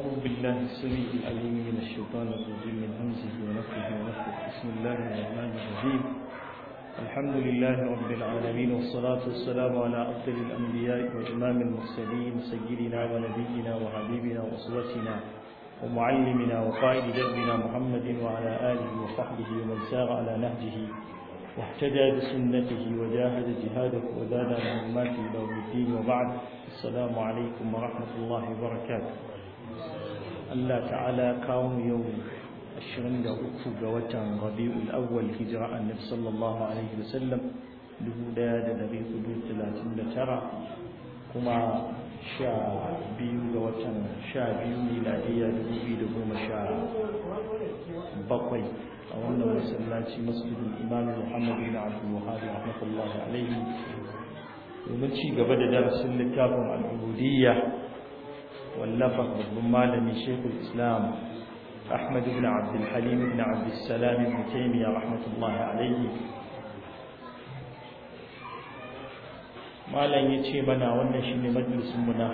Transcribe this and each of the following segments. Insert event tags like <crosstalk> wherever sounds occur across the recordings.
أعوذ بالله السميع العليم من الشيطان الرجيم من همزه ونفخه ونفخه بسم الله الرحمن الرحيم الحمد لله رب العالمين والصلاة والسلام على أفضل الأنبياء وإمام المرسلين سيدنا ونبينا وحبيبنا وأسوتنا ومعلمنا وقائد دربنا محمد وعلى آله وصحبه ومن سار على نهجه واهتدى بسنته وجاهد جهاده وزاد معلوماته أمته إلى الدين وبعد السلام عليكم ورحمة الله وبركاته Allah ta'ala kawo mu yau 23 ga watan Rabiul Awwal hijira Annabi sallallahu alaihi wasallam 1439 kuma 12 ga watan 12 miladiya 2017 a wannan masallaci masjidin Imam Muhammad bin Abdul Wahhab rahmatullahi alaihi domin ci gaba da darasin littafin al-Ubudiyya wallafa babban malamin shekul islam ahmad ibn abdul halim ibn abdul salam ibn taymiya rahmatullahi alayhi malam yace mana wannan shine majalisin mu na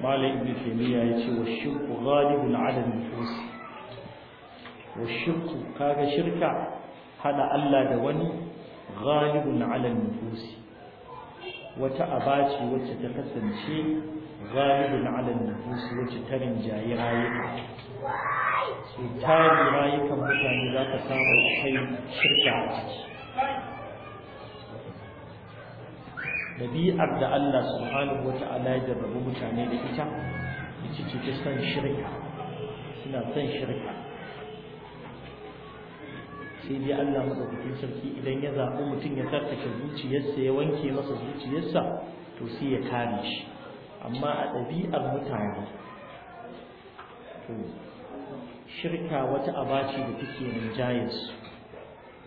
51 malam ibn taymiya yace wa shirku ghalibun ala nufus wa shirku kaga shirka hada Allah da wani ghalibun ala nufus wata abaci wacce ta kasance galibin alal nufusi wacce tarin jayi rayuka sai tari rayukan mutane za ka samu kai shirka a ciki ɗabi'ar da Allah subhanahu ya jarrabu mutane da ita ita ce ta san shirka suna son shirka sai dai Allah madaukakin sarki idan ya zaɓi mutum ya tsarkake zuciyarsa ya wanke masa zuciyarsa to sai ya kare shi amma a ɗabi'ar mutane shirka wata aba da take rinjayarsu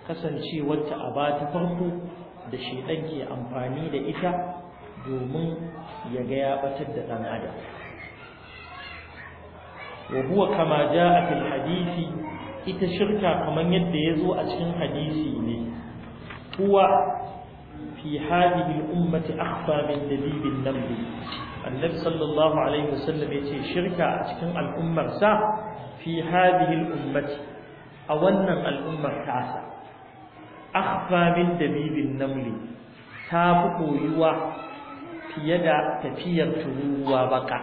kasance wata aba ta farko da shi ɗan ke amfani da ita domin ya ga ya batar da ɗan adam wa kama ja a fil hadisi ita shirka kamar yadda ya zo a cikin hadisi ne kuwa fi hadhihi ummati akhfa min dabibin namli annabi sallallahu alaihi wasallam yace shirka a cikin al'ummarsa sa fi hadhihi al'ummati a wannan al'ummar tasa akhfa min dabibin namli ta fi koyuwa fiye da tafiyar turuwa baka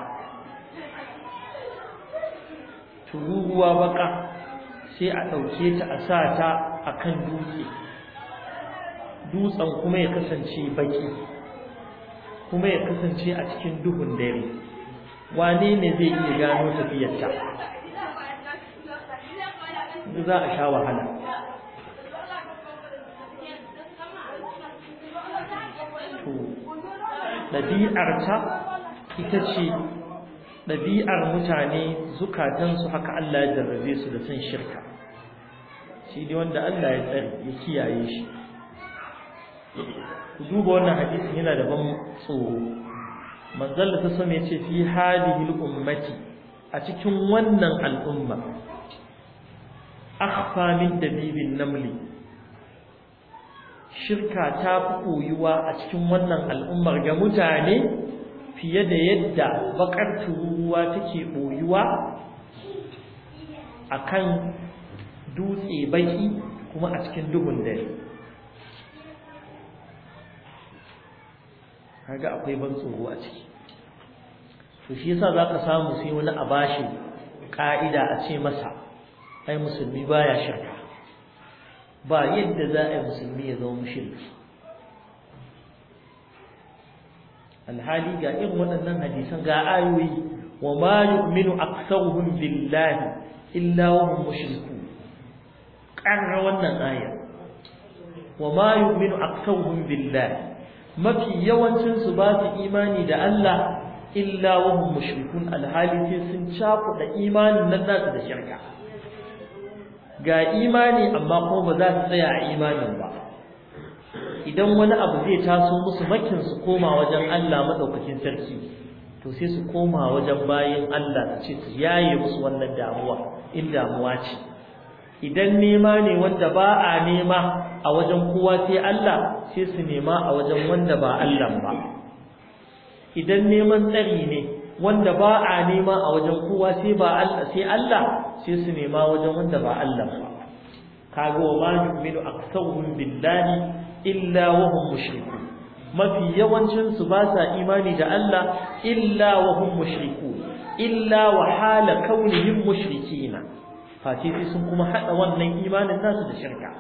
tururuwa baƙa sai a ɗauke ta a sa ta a kan dutse dutsen kuma ya kasance baki kuma ya kasance a cikin duhun dare wane ne zai iya gano tafiyarta za a sha wahala ɗabi'arta ita ce ɗabi'ar mutane zukatansu haka Allah ya jarrabe su da san shirka shi ne wanda Allah ya tsare ya kiyaye shi ku duba wannan hadisin yana da ban tsoro manzon ta sama yace fi halihi ummati a cikin wannan al'umma akhfa min dabibin namli shirka ta fi koyuwa a cikin wannan al'ummar ga mutane fiye da yadda bakar turuwa take koyuwa akan dutse baki kuma a cikin duhun dare kaga akwai ban tsoro a ciki to shi yasa zaka samu sai wani a bashi ka'ida a ce masa ai musulmi baya shirka ba yadda za a yi musulmi ya zama mushriki alhali ga irin waɗannan hadisan ga ayoyi wa ma yu'minu aktsaruhum billahi illa hum mushrikun qarra wannan aya wa ma yu'minu aktsaruhum billahi mafi yawancinsu su ba su imani da Allah illa wahum mushrikun alhali sai sun cakuɗa imanin nan nasu da shirka ga imani amma kuma ba za su tsaya a imanin ba idan wani abu zai taso musu makin su koma wajen Allah madaukakin sarki to sai su koma wajen bayin Allah su ce su yaye musu wannan damuwa in damuwa ce idan nema ne wanda ba a nema a wajen kowa sai Allah sai su nema a wajen wanda ba Allah ba idan neman tsari ne wanda ba a nema a wajen kowa sai ba Allah sai Allah sai su nema wajen wanda ba Allah ba kaga wa ma yu'minu billahi illa wa hum mushrikun mafi yawancin su ba sa imani da Allah illa wa hum mushrikun illa wa hala kaunihim mushrikina face sai sun kuma hada wannan imanin nasu da shirka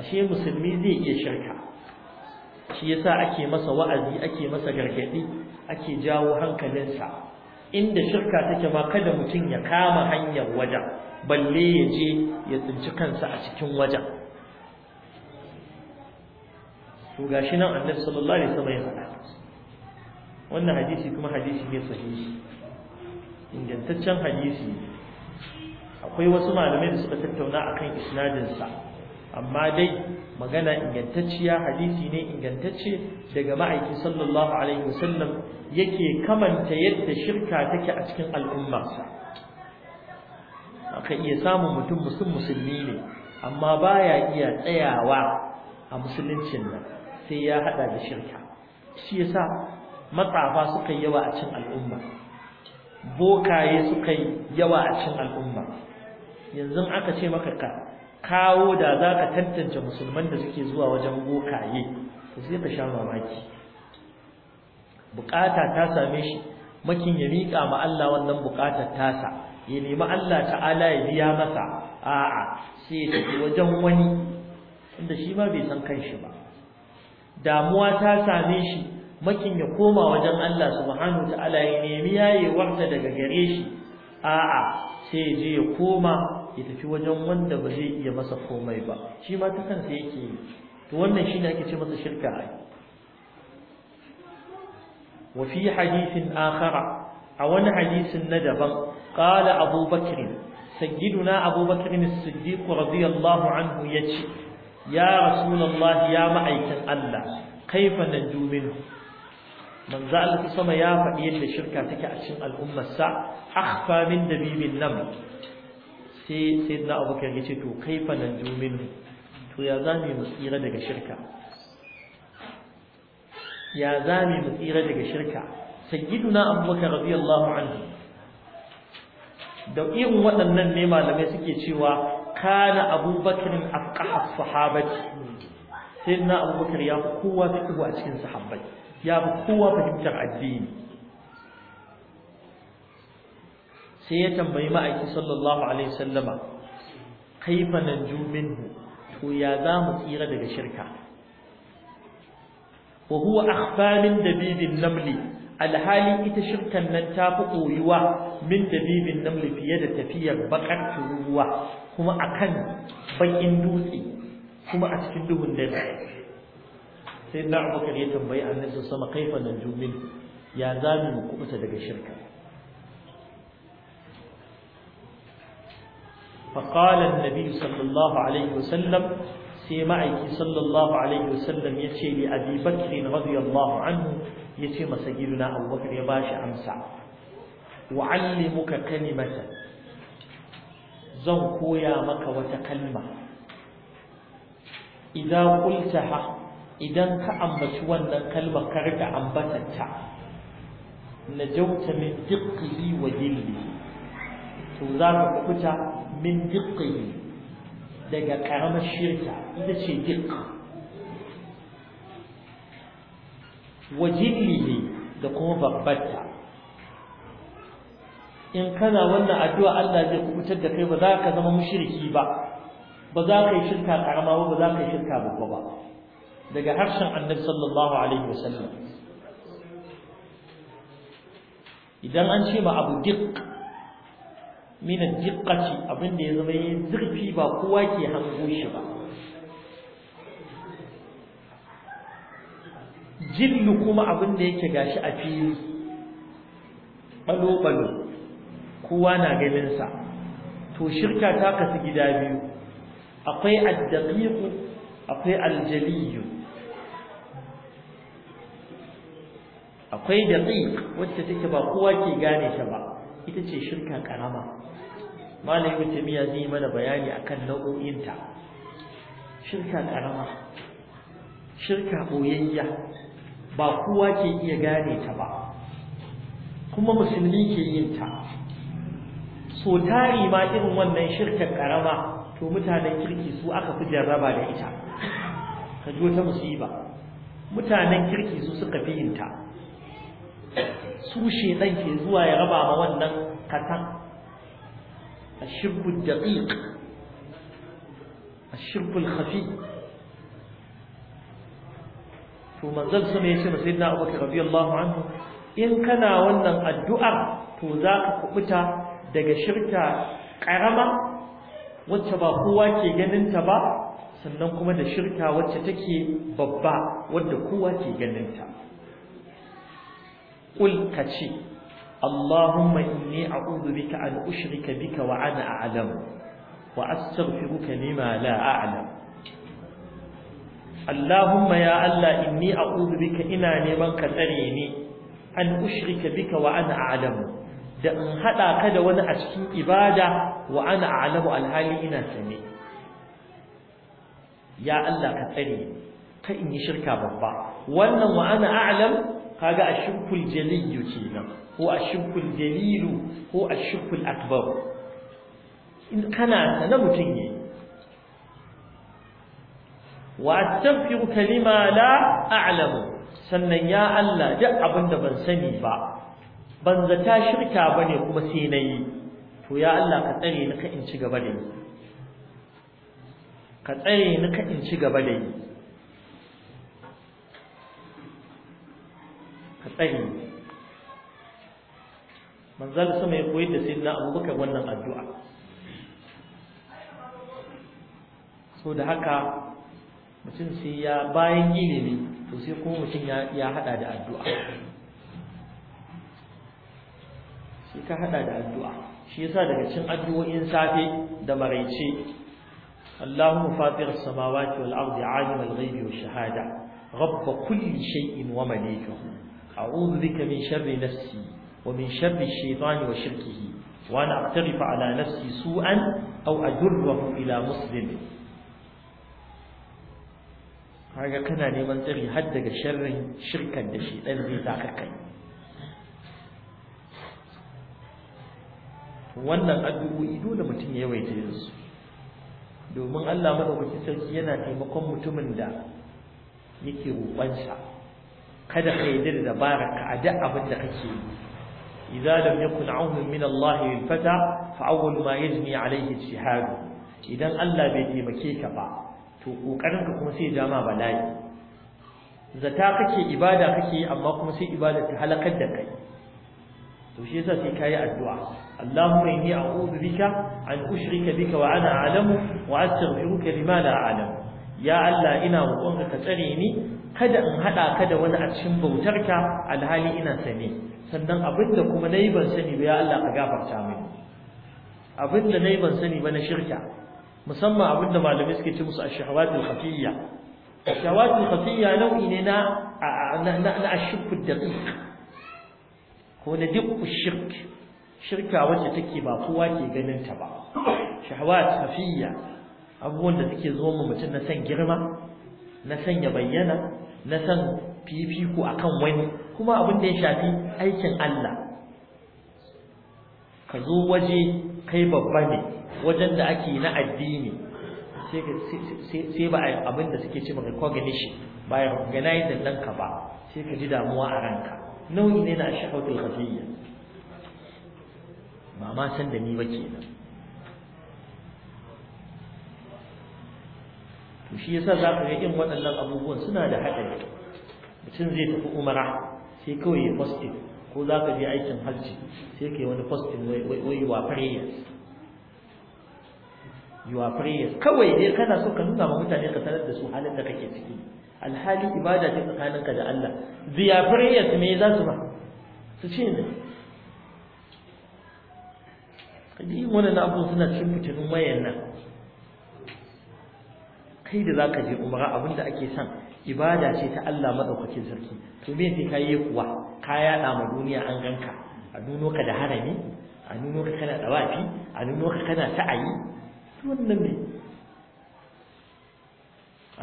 ashe musulmi zai iya shirka shi yasa ake masa wa'azi ake masa gargadi ake jawo hankalinsa inda shirka take ba kada mutum ya kama hanyar wajen balle ya je ya tsinci kansa a cikin wajen to gashi nan annabi sallallahu alaihi wasallam ya faɗa wannan hadisi kuma hadisi ne sahihi ingantaccen hadisi akwai wasu malamai da suka tattauna akan isnadinsa amma dai magana ingantacciya hadisi ne ingantacce daga ma'aiki sallallahu alaihi wasallam yake kamanta yadda shirka take a cikin al'ummarsa aka iya samun mutum musul musulmi ne amma baya iya tsayawa a musuluncin nan sai ya hada da shirka shi yasa matsafa suka yawa a cikin al'umma bokaye suka yawa a cikin al'umma yanzu aka ce maka ka kawo da za ka tantance musulman da suke zuwa wajen gokaye to sai ka sha mamaki bukata ta same shi makin ya miƙa ma Allah wannan bukatar tasa ya nemi Allah ta'ala ya biya masa a'a sai ya tafi wajen wani inda shi ma bai san kanshi ba damuwa ta same shi makin ya koma wajen Allah subhanahu ta'ala ya nemi yayewar ta daga gare shi a'a sai ya je ya koma ya tafi wajen wanda ba zai iya masa komai ba shi ma ta kansa yake yi to wannan ne ake ce masa shirka ai wa fi hadithin akhara a wani hadisin na daban qala abu bakr sayyiduna abu bakr as-siddiq radiyallahu anhu yace ya rasulullah ya ma'aikin Allah kaifa najju minhu manzo Allah sama ya faɗi yadda shirka take a cikin al'ummar sa akhfa min dabibin naml sai na abubakar ya ce to kaifa nan jumin to ya zami mu tsira daga shirka ya zami mu tsira daga shirka sayyiduna abubakar radiyallahu anhu da irin waɗannan ne malamai suke cewa kana abubakar afqaha sahabati sayyidina abubakar ya fi kowa fiqhu a cikin sahabbai ya fi kowa fahimtar addini sai ya tambayi ma'aiki sallallahu alaihi sallama, kaifa nanju minhu to ya za mu tsira daga shirka wa huwa akhfamin dabibin namli alhali ita shirkan nan ta fi koyuwa min dabibin namli fiye da tafiyar bakar turuwa kuma akan bakin dutse kuma a cikin duhun dare sai na abubakar ya tambayi annabi sama kaifa nanju minhu ya za mu kubuta daga shirka فقال النبي صلى الله عليه وسلم سيمعك صلى الله عليه وسلم يتي لأبي بكر رضي الله عنه يتي ما سيدنا أبو بكر يباش أمسع وعلمك كلمة زنكو يا مك وتكلمة إذا قلتها idan ka ambaci wannan kalmar ka rika ambatanta najauta min diqqihi wa dilli to za ka kubuta min diqqihi daga karamar shirka ita ce diq wa da kuma babbarta in kana wannan addu'a Allah zai kubutar da kai ba za ka zama mushriki ba ba za ka yi shirka karama ba ba za ka yi shirka babba ba daga harshen annabi sallallahu alaihi wasallam idan an ce ma abu diq minan jiƙaci abinda ya zama yin zurfi ba kowa ke hango shi ba jinnu kuma abinda yake gashi a fili ɓalo-ɓalo kowa na ganinsa to shirka ta kasu gida biyu akwai addaƙiƙu akwai aljaliyu akwai daƙiƙ wacce take ba kowa ke gane shi ba ita ce shirka karama malam ibn tamiya zai yi mana bayani akan nau'o'inta shirka karama shirka boyayya ba kowa ke iya gane ta ba kuma musulmi ke yin ta so tari ma irin wannan shirka karama to mutanen kirki su aka fi jarraba da ita ka ji wata musiba mutanen kirki su suka fi yin ta su shedan ke zuwa ya raba ma wannan katan ashibbu daqiq ashibbu khafi to manzon sa ne yace sayyidina Abubakar radiyallahu anhu in kana wannan addu'ar to zaka kubuta daga shirka karama wacce ba kowa ke ganin ta ba sannan kuma da shirka wacce take babba wadda kowa ke ganin ta قل كشي اللهم إني أعوذ بك أن أشرك بك وأنا أعلم وأستغفرك لما لا أعلم اللهم يا الله إني أعوذ بك إنا نمن كثريني أن أشرك بك وأنا أعلم da in haɗa ka da wani a cikin ibada wa ana alamu alhali ina sane ya Allah ka tsare ka in yi shirka babba wannan wa ana a'lam kaga ashukul jaliyyu kenan ko ashukul dalilu ko ashukul akbar in kana sana mutum ne wa astaghfiru kalima la a'lamu sannan ya Allah duk abinda ban sani ba ban zata shirka bane kuma sai nayi to ya Allah ka tsare ni ka in ci gaba da ni ka tsare ni ka in ci gaba da ni ka tsare manzal sama ya koyar da sayyidina abubakar wannan addu'a so da haka mutum sai ya bayan ilimi to sai kuma mutum ya hada da addu'a sai ka hada da addu'a shi yasa daga cin addu'o'in safe da maraice Allahumma fatir as-samawati wal ardi alim al-ghaibi wash-shahada Rabba kulli shay'in wa malikahu أعوذ بك من شر نفسي ومن شر الشيطان وشركه وأن أقترف على نفسي سوءا أو أجره إلى مسلم kaga kana neman tsari har daga sharrin shirkan da shi dan zai saka kai wannan addu'o'i dole mutum ya yawaita yin domin Allah madaukakin sarki yana taimakon mutumin da yake roƙonsa kada ka yi da dabara a duk abin da kake yi idza lam yakun aunun min Allah lil fata fa awwal ma yajni alayhi idan Allah bai taimake ka ba to kokarin ka kuma sai jama bala'i zata kake ibada kake amma kuma sai ibada ta halakar da kai to shi yasa sai kai addu'a Allahumma inni a'udhu bika an ushrika bika wa ana a'lamu wa astaghfiruka lima la a'lamu ya Allah ina roƙonka ka tsare ni kada in haɗa ka da wani a cikin bautarka alhali ina sani sannan abinda kuma na yi ban sani ba ya Allah ka gafarta mini abinda yi ban sani ba na shirka musamman abinda malamai suke ce musu ash-shahawatul khafiyya ash-shahawatul khafiyya nau'i ne na na ash-shirku daqiq ko na dukku shirk shirka wacce take ba kowa ke ganin ta ba shahawat khafiyya abubuwan da suke zo mu mutum na san girma na sanya bayyana na san fifiko akan wani kuma abin da ya shafi aikin Allah ka zo waje kai babba ne wajen da ake na addini sai ba abin da suke ce maka cognition ba ya organizing ɗanka ba sai ka ji damuwa a ranka nau'i ne na shafatul khafiyya ba ma san da ni ba kenan to shi yasa za ka ga yin waɗannan abubuwan suna da haɗari mutum zai tafi umara sai kawai ya fasti ko za ka je aikin hajji sai kai wani fasti wai wa fariya you wa fariya kawai dai kana so ka nuna ma mutane ka sanar da su halin da kake ciki alhali ibada ce tsakaninka da Allah ziya fariya me za su ba su ce ne kadi wannan abun suna cikin mutumin wayannan kai da zaka je umara abinda ake son ibada ce ta Allah madaukakin sarki to me sai kai kuwa ka yada ma duniya an ganka a nuno ka da harami a nuno ka kana dawafi a nuno ka kana sa'ayi to wannan ne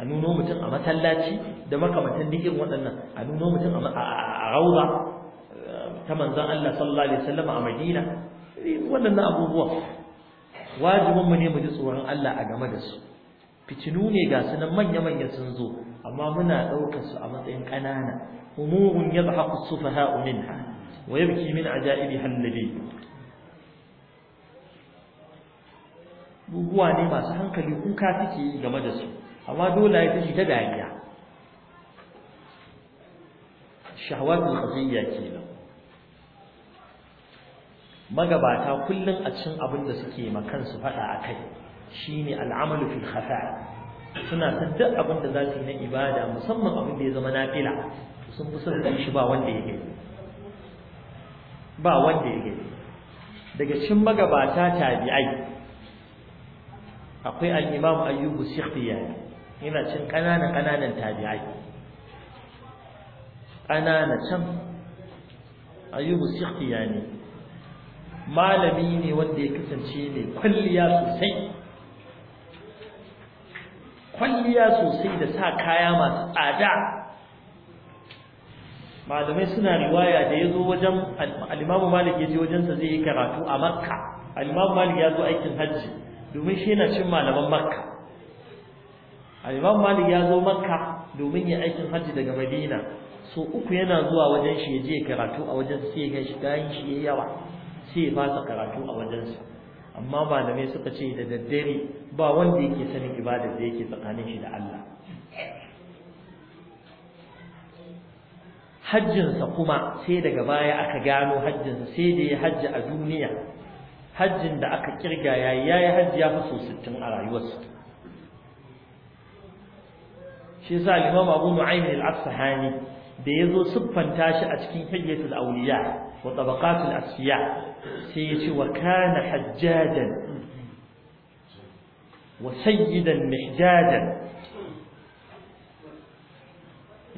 a nuno mutum a masallaci da makamantan dikin waɗannan a nuno mutum a rauza eh, ta manzon Allah sallallahu alaihi wasallam a Madina waɗannan abubuwa wajibin mu ne mu ji tsoron Allah a game da su fitinu ne ga nan manya-manya sun zo amma muna ɗaukar su a matsayin ƙanana umurun yadhaku sufaha'u ha wa yabki min ajaibi hallabi buguwa ne masu hankali kuka ka yi game da su amma dole ya tashi ta dariya shahawatul khafiyya kenan magabata kullum a cikin abin da suke makan su faɗa kai. shine al'amalu fil khafa suna ta duk abin da za su yi na ibada musamman abin da ya zama nafila sun fi son dan shi ba wanda ya gani ba wanda ya gani daga cikin magabata tabi'ai akwai al-imam ayyubu sikhtiyani yana cin kananan kananan tabi'ai kanana can ayyubu ne. malami ne wanda ya kasance ne, kwalliya sosai kwalliya sosai da sa kaya masu tsada malamai suna riwaya da ya zo wajen alimamu malik ya je wajensa zai yi karatu a makka alimamu malik ya zo aikin hajji domin shi na cin malaman makka alimamu malik ya zo makka domin ya aikin hajji daga madina so uku yana zuwa wajen shi ya je karatu a wajen sai ya gan shi shi ya yawa sai ya fasa karatu a wajensa amma ba da malamai suka ce da daddare ba wanda yake sanin ibada da yake tsakanin shi da Allah hajjinsa kuma sai daga baya aka gano hajjinsa sai da ya hajji a duniya hajjin da aka kirga yayi yayi hajji ya fi so 60 a rayuwarsa shi sa limam Abu mu'aymin al-Asfahani da zo siffanta shi a cikin Hajjatul Awliya wa tabaqatul asiya sai yace wa kana hajjajan wa sayyidan mihjajan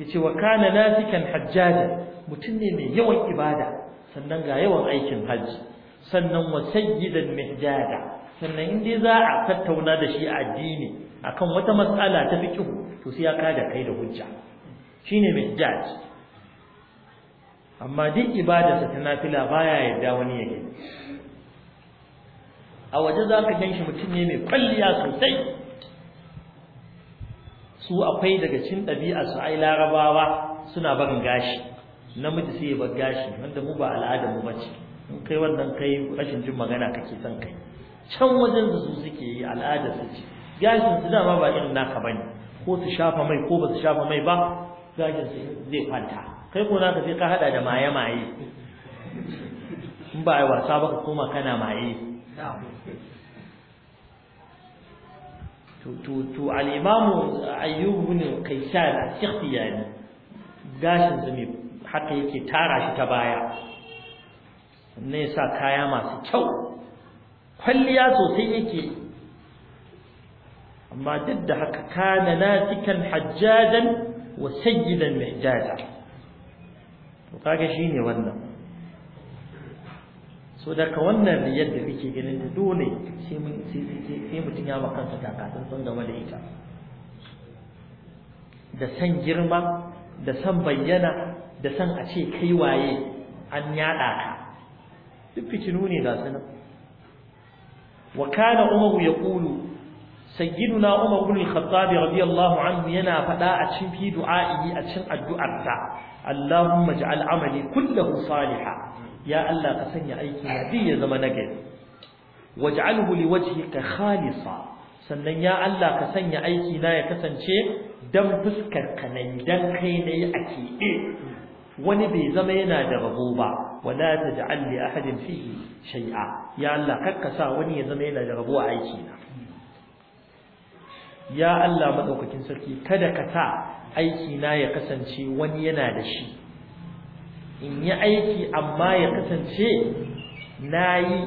yace wa kana nafikan hajjajan mutum ne mai yawan ibada sannan ga yawan aikin hajji sannan wa sayyidan mihjada sannan in za a tattauna da shi a addini akan wata matsala ta fiqh to sai ya kada kai da hujja shine mihjaj amma duk ibadarsa ta nafila baya yadda wani ya gani a waje za ka gan shi mutum ne mai kwalliya sosai su akwai daga cin su ai larabawa suna barin gashi namiji sai ya bar gashi wanda mu ba al'ada mu bace in kai wannan kai rashin jin magana kake son kai can wajen da su suke yi al'adar su ce gashin su dama ba irin naka bane ko su shafa mai ko ba su shafa mai ba gashin su zai kwanta kai ko naka sai ka hada da maye maye in ba wasa ba ka koma kana maye to to to al kai sha ibn kaysan ya sikhtiyani gashin zumi haka yake tara shi ta baya ne sa kaya masu kyau kwalliya sosai yake amma duk da haka kana natikan hajjajan wa sayyidan mihjaja to kaga shine wannan so daga wannan niyyar da kake ganin da dole sai mun sai mutum ya ba kansa takatsan san game da ita da san girma da san bayyana da san a ce kai waye an yada ka duk fitinu ne da sanan wa kana umar yaqulu sayyiduna umar ibn al-khattab radiyallahu anhu yana fada a cikin du'a'i a cikin addu'arsa Allahumma ij'al amali kullahu salihan ya Allah ka sanya aikin hadi ya zama nagari waj'alhu liwajhika khalisa sannan ya Allah ka sanya aiki na ya kasance dan fuskar ka nan dan kai ne a kibe wani bai zama yana da rabo ba wala taj'al li ahadin fihi shay'a ya Allah karkasa wani ya zama yana da rabo a aiki na ya Allah madaukakin sarki kada ka sa aiki na ya kasance wani yana da shi in yi aiki amma ya kasance na yi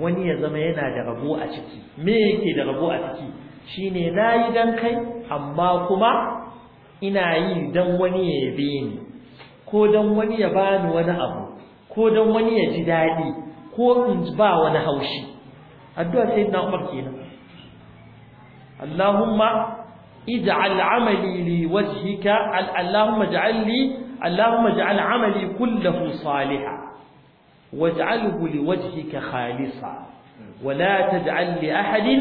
wani ya zama yana da rabo a ciki me yake da rabo a ciki shine na yi don kai amma kuma ina yi don wani ya yabe ni ko don wani ya bani wani abu ko don wani ya ji daɗi ko in ba wani haushi addu'a sai na umar kenan Allahumma ij'al 'amali li wajhika allahumma ij'al li allahumma ij'al 'amali kullahu salihan waj'alhu li wajhika khalisan wa la taj'al li ahadin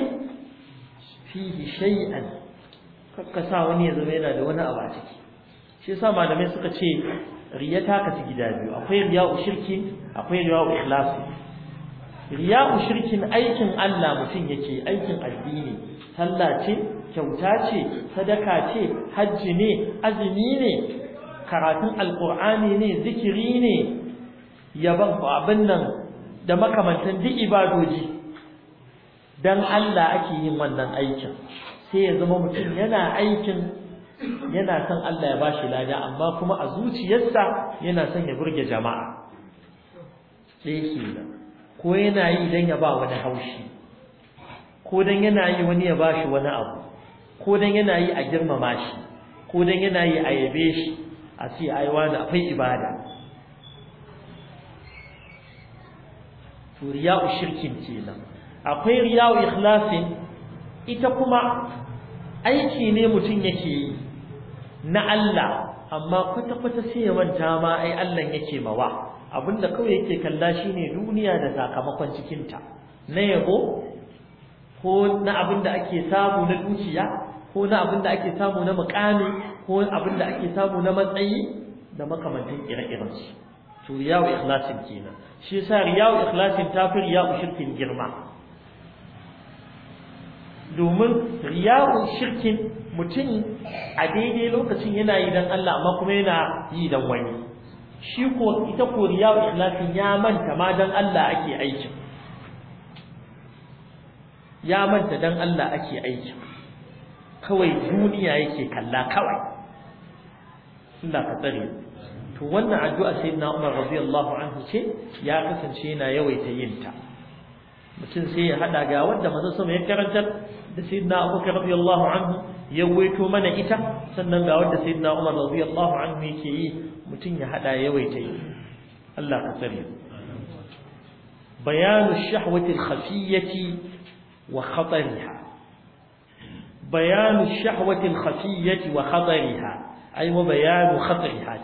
fihi wani ya zama yana da wani abu a ciki shi yasa malamai suka ce riya ta kasu gida biyu akwai riya'u shirki akwai riya'u ikhlasi riya'u shirkin aikin Allah mutum yake aikin addini sallah ce kyauta ce sadaka ce hajji ne azumi ne karatun alkur'ani ne zikiri ne yaban abin nan da makamantan duk ibadoji dan Allah ake yin wannan aikin sai ya zama mutum yana aikin yana son Allah ya bashi lada amma kuma a zuciyarsa yana son ya burge jama'a sai ko yana yi dan ya ba wani haushi ko dan yana yi wani ya bashi wani abu ko dan yana yi a girmama shi ko dan yana yi a yabe shi a ce ai wani akwai ibada Turiya shirkin kenan akwai riya'u ikhlasin ita kuma aiki ne mutum yake yi na Allah amma kwata-kwata sai ya manta ma ai Allah yake mawa abinda kawai yake kalla shine duniya da sakamakon cikinta na yabo ko na abinda ake samu na dukiya ko na abin da ake samu na mukami ko abin da ake samu na matsayi da makamantan ire-iren su to yawo ikhlasin kenan shi yasa yawo ikhlasin tafir yawo shirkin girma domin riyawu shirkin mutum a daidai lokacin yana yi dan Allah amma kuma yana yi dan wani shi ko ita ko riyawu ikhlasin ya manta ma dan Allah ake aikin ya manta dan Allah ake aikin kawai duniya yake kalla kawai Allah ka tsare to wannan addu'a sayyidina Umar radiyallahu anhu ce ya kasance yana yawaita yin ta mutum sai ya hada ga wanda manzon sama ya karanta. da sayyidina Abubakar radiyallahu anhu ya waito mana ita sannan ga wanda sayyidina Umar radiyallahu anhu yake yi mutum ya hada yawaita yi Allah ka tsare bayanu shahwati al-khafiyyati wa khatariha بيان الشهوة الخفية وخطرها أي وبيان خطرها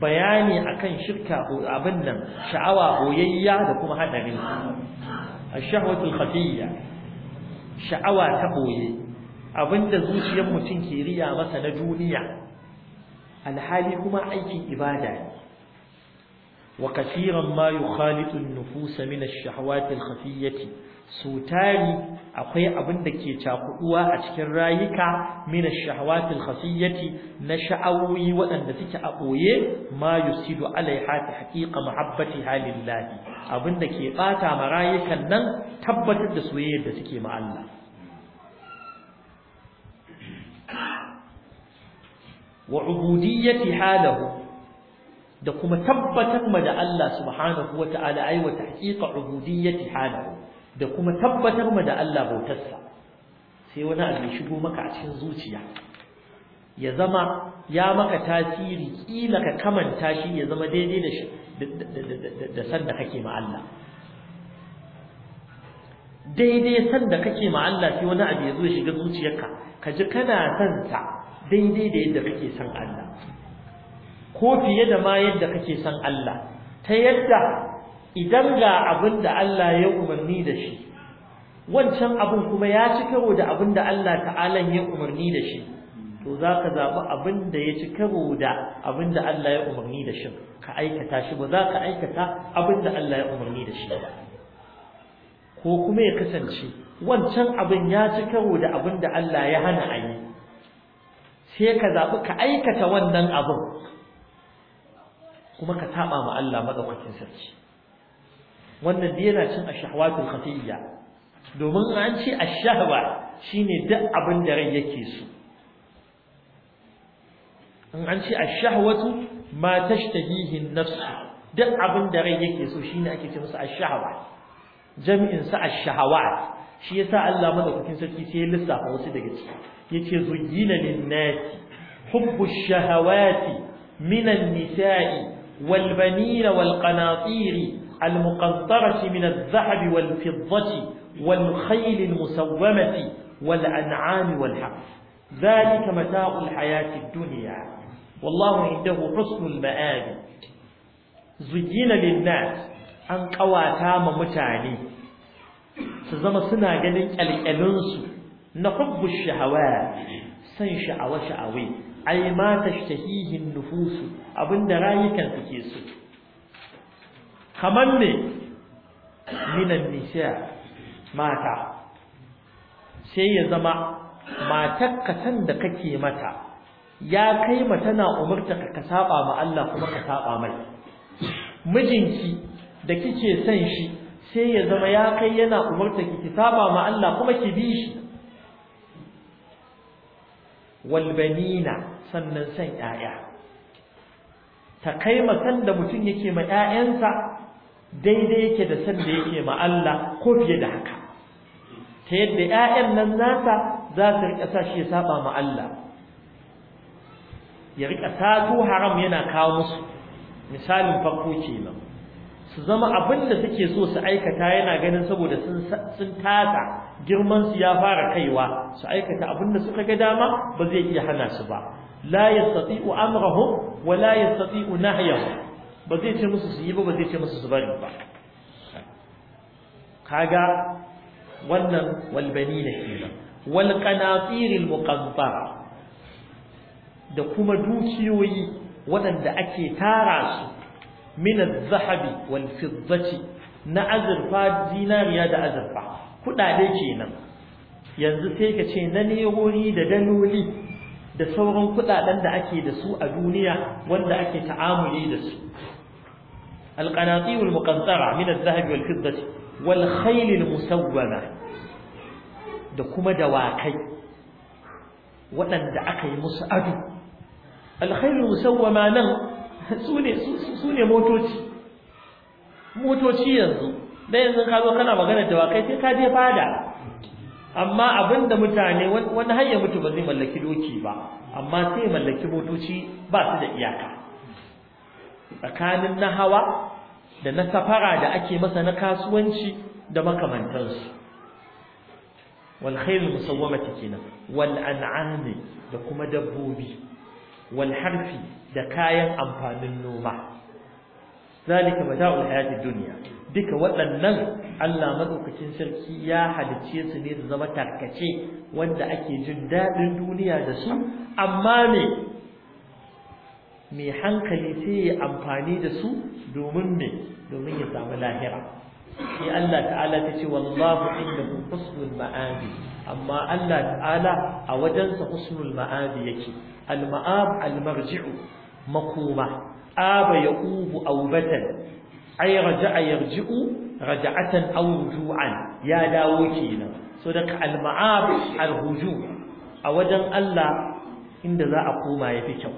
بياني أكن شركة أبنى شعوى هويية لكم هذا الشهوة الخفية شعوة تقوي أبنى ذوس يم تنكيرية مثلا جونية الحال هما أيك إبادة وكثيرا ما يخالط النفوس من الشهوات الخفية sutari akwai abin da ke cakuduwa a cikin rayuka min ash-shahawatil na sha'awoyi waɗanda suke a boye ma yusidu alaiha haqiqa muhabbati halillahi abin da ke bata ma rayukan nan tabbatar da soyayyar da suke ma Allah wa ubudiyyati halahu da kuma tabbatar ma da Allah subhanahu wata'ala ai wa tahqiqa ubudiyyati halahu da kuma tabbatar ma da Allah bautarsa sai wani abu ya shigo maka a cikin zuciya ya zama ya maka tasiri kila ka kamanta shi ya zama daidai da da sanda kake ma Allah daidai sanda kake ma Allah sai wani abu ya zo shiga zuciyarka ka ji kana son sa daidai da yadda kake son Allah ko fiye da ma yadda kake son Allah ta yadda idan ga abin da Allah ya umarni da shi wancan abin kuma ya ci karo da abin da Allah ta'ala ya umarni da shi to za ka zaɓi abin da ya ci karo da abin da Allah ya umarni da shi ka aikata shi ba za ka aikata abin da Allah ya umarni da shi ba ko kuma ya kasance wancan abin ya ci karo da abin da Allah ya hana a yi sai ka zaɓi ka aikata wannan abin kuma ka taɓa ma Allah maɗaukakin sarki wannan da yana cin ashahwatul khafiyya domin an ce ashahwa shine duk abin da rai yake so in an ce ashahwatu ma tashtahihi an-nafs duk abin da rai yake so shine ake ce masa ashahwa jami'in sa ashahawat shi yasa Allah madaukakin sarki sai ya lissafa wasu daga ciki yace zuyyina lin-nasi hubbu ash-shahawati min an-nisa'i wal-banina wal-qanatir المقنطرة من الذهب والفضة والخيل المسومة والأنعام والحق ذلك متاع الحياة الدنيا والله عنده حسن المآب زين للناس أن قواتام متعني سزم سنا جنين الألنس نحب الشهوات سنشع وشعوي اي ما تشتهيه النفوس أبن رايك تكيسو kaman ne minan nisa mata sai ya zama matar ka da kake mata ya kai ma tana umurta ka ka saba ma Allah kuma ka saba mai mijinki da kike son shi sai ya zama ya kai yana umurta ki ki saba ma Allah kuma ki bi shi Walbanina sannan san 'ya'ya. ta kai ma da mutum yake ma 'ya'yansa daidai yake da san da yake ma Allah ko fiye da haka ta yadda 'ya'yan nan nasa za su riƙa sa shi saba ma Allah ya riƙa sato haram yana kawo musu misalin farko kenan su zama abin da suke so su aikata yana ganin saboda sun tata girman su ya fara kaiwa su aikata abin da suka ga dama ba zai iya hana su ba la yastati'u amrahum wa la yastati'u nahyahum ba zai ce musu su yi ba ba zai ce musu su bari ba kaga wannan walbani na kenan nan, qanatir al da kuma dukiyoyi waɗanda ake tara su min az-zahabi wal fiddati na azurfa zinariya da azurfa kuɗaɗe kenan yanzu sai ka ce na nerori da danoli da sauran kuɗaɗen da ake da su a duniya wanda ake ta'amuli da su القناطير المقنطرة من الذهب والفضة والخيل المسومة da kuma dawakai waɗanda aka yi musu ado alkhairu musawwama nan su motoci yanzu da yanzu ka kana magana dawakai sai ka je fada amma abinda mutane wani har ya mutu ba zai mallaki doki ba amma sai mallaki motoci ba su da iyaka tsakanin na hawa da na safara da ake masa na kasuwanci da makamantansu wal khairul musawwamati kenan wal an'ami da kuma dabbobi wal harfi da kayan amfanin noma zalika mata'ul hayatid dunya duka waɗannan Allah madaukakin sarki ya halicce su ne da zama tarkace wanda ake jin daɗin duniya da su amma ne mai hankali sai ya amfani da su domin me domin ya samu lahira sai Allah ta'ala ta ce wallahu indahu husnul ma'abi amma Allah ta'ala a wajensa husnul ma'abi yake al ma'ab al marji'u makoma aba yaqubu awbatan ay raja'a yarji'u raja'atan aw ruju'an ya dawo kenan so daga al ma'ab al a wajen Allah inda za a koma yafi kyau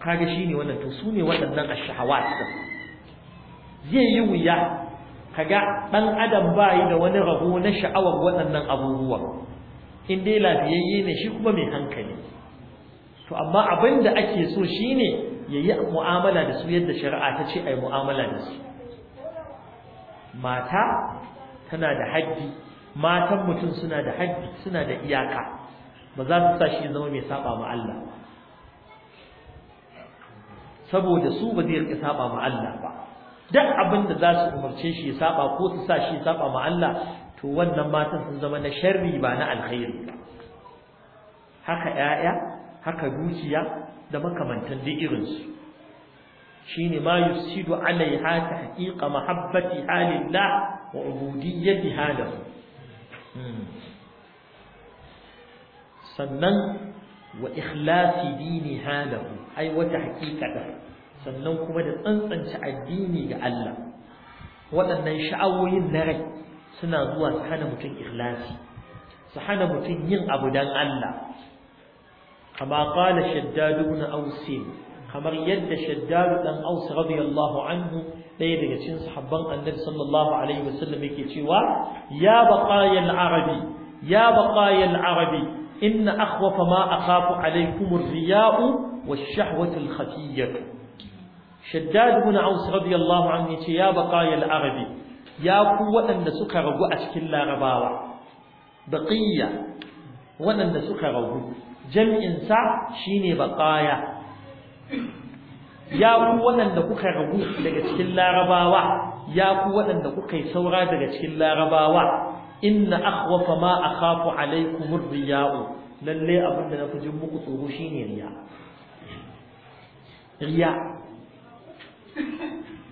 kaga ne wannan to su ne waɗannan ash zai yi wuya kaga ɗan adam ba yi da wani rabo na sha'awar waɗannan abubuwa in dai lafiyayye ne shi kuma mai hankali to amma abin da ake so shine yayi mu'amala da su yadda shari'a ta ce ai mu'amala da su mata tana da haddi matan mutum suna da haddi suna da iyaka ba za su sa shi zama mai saba ma Allah saboda su ba zai rika saba ma Allah ba duk abin da za su umarce shi ya saba ko su sa shi ya saba ma Allah to wannan matan sun zama na sharri ba na alkhairi ba haka 'ya'ya, haka dukiya da makamantan duk irin su shine ma yusidu alaiha tahqiqa mahabbati halillah wa ubudiyyatiha lahu hmm. sannan wa ikhlasi dini halahu Ai wata haƙiƙata sannan kuma da tsantsance addini ga Allah waɗannan sha'awoyin na rai suna zuwa su hana mutum ikhlasi su hana mutum yin abu dan Allah kama qala shaddad ibn kamar yadda shaddad dan aus radiyallahu anhu ɗaya daga cikin sahabban annabi sallallahu alaihi wasallam yake cewa ya baqaya al-arabi ya baqaya al-arabi inna akhwafa ma akhafu alaykum ar-riya'u والشهوة الخفية شداد بن عوس رضي الله عنه يا بقايا العربي يا قوة أن سكر وأشكل لا رباوة بقية وأن سكر جمع سع شيني بقايا ya ku waɗanda kuka ragu daga cikin larabawa ya ku waɗanda kuka yi saura daga cikin larabawa inna akhwafa ma akhafu alaykum ar-riya'u lalle abinda na fi jin muku tsoro shine riya riya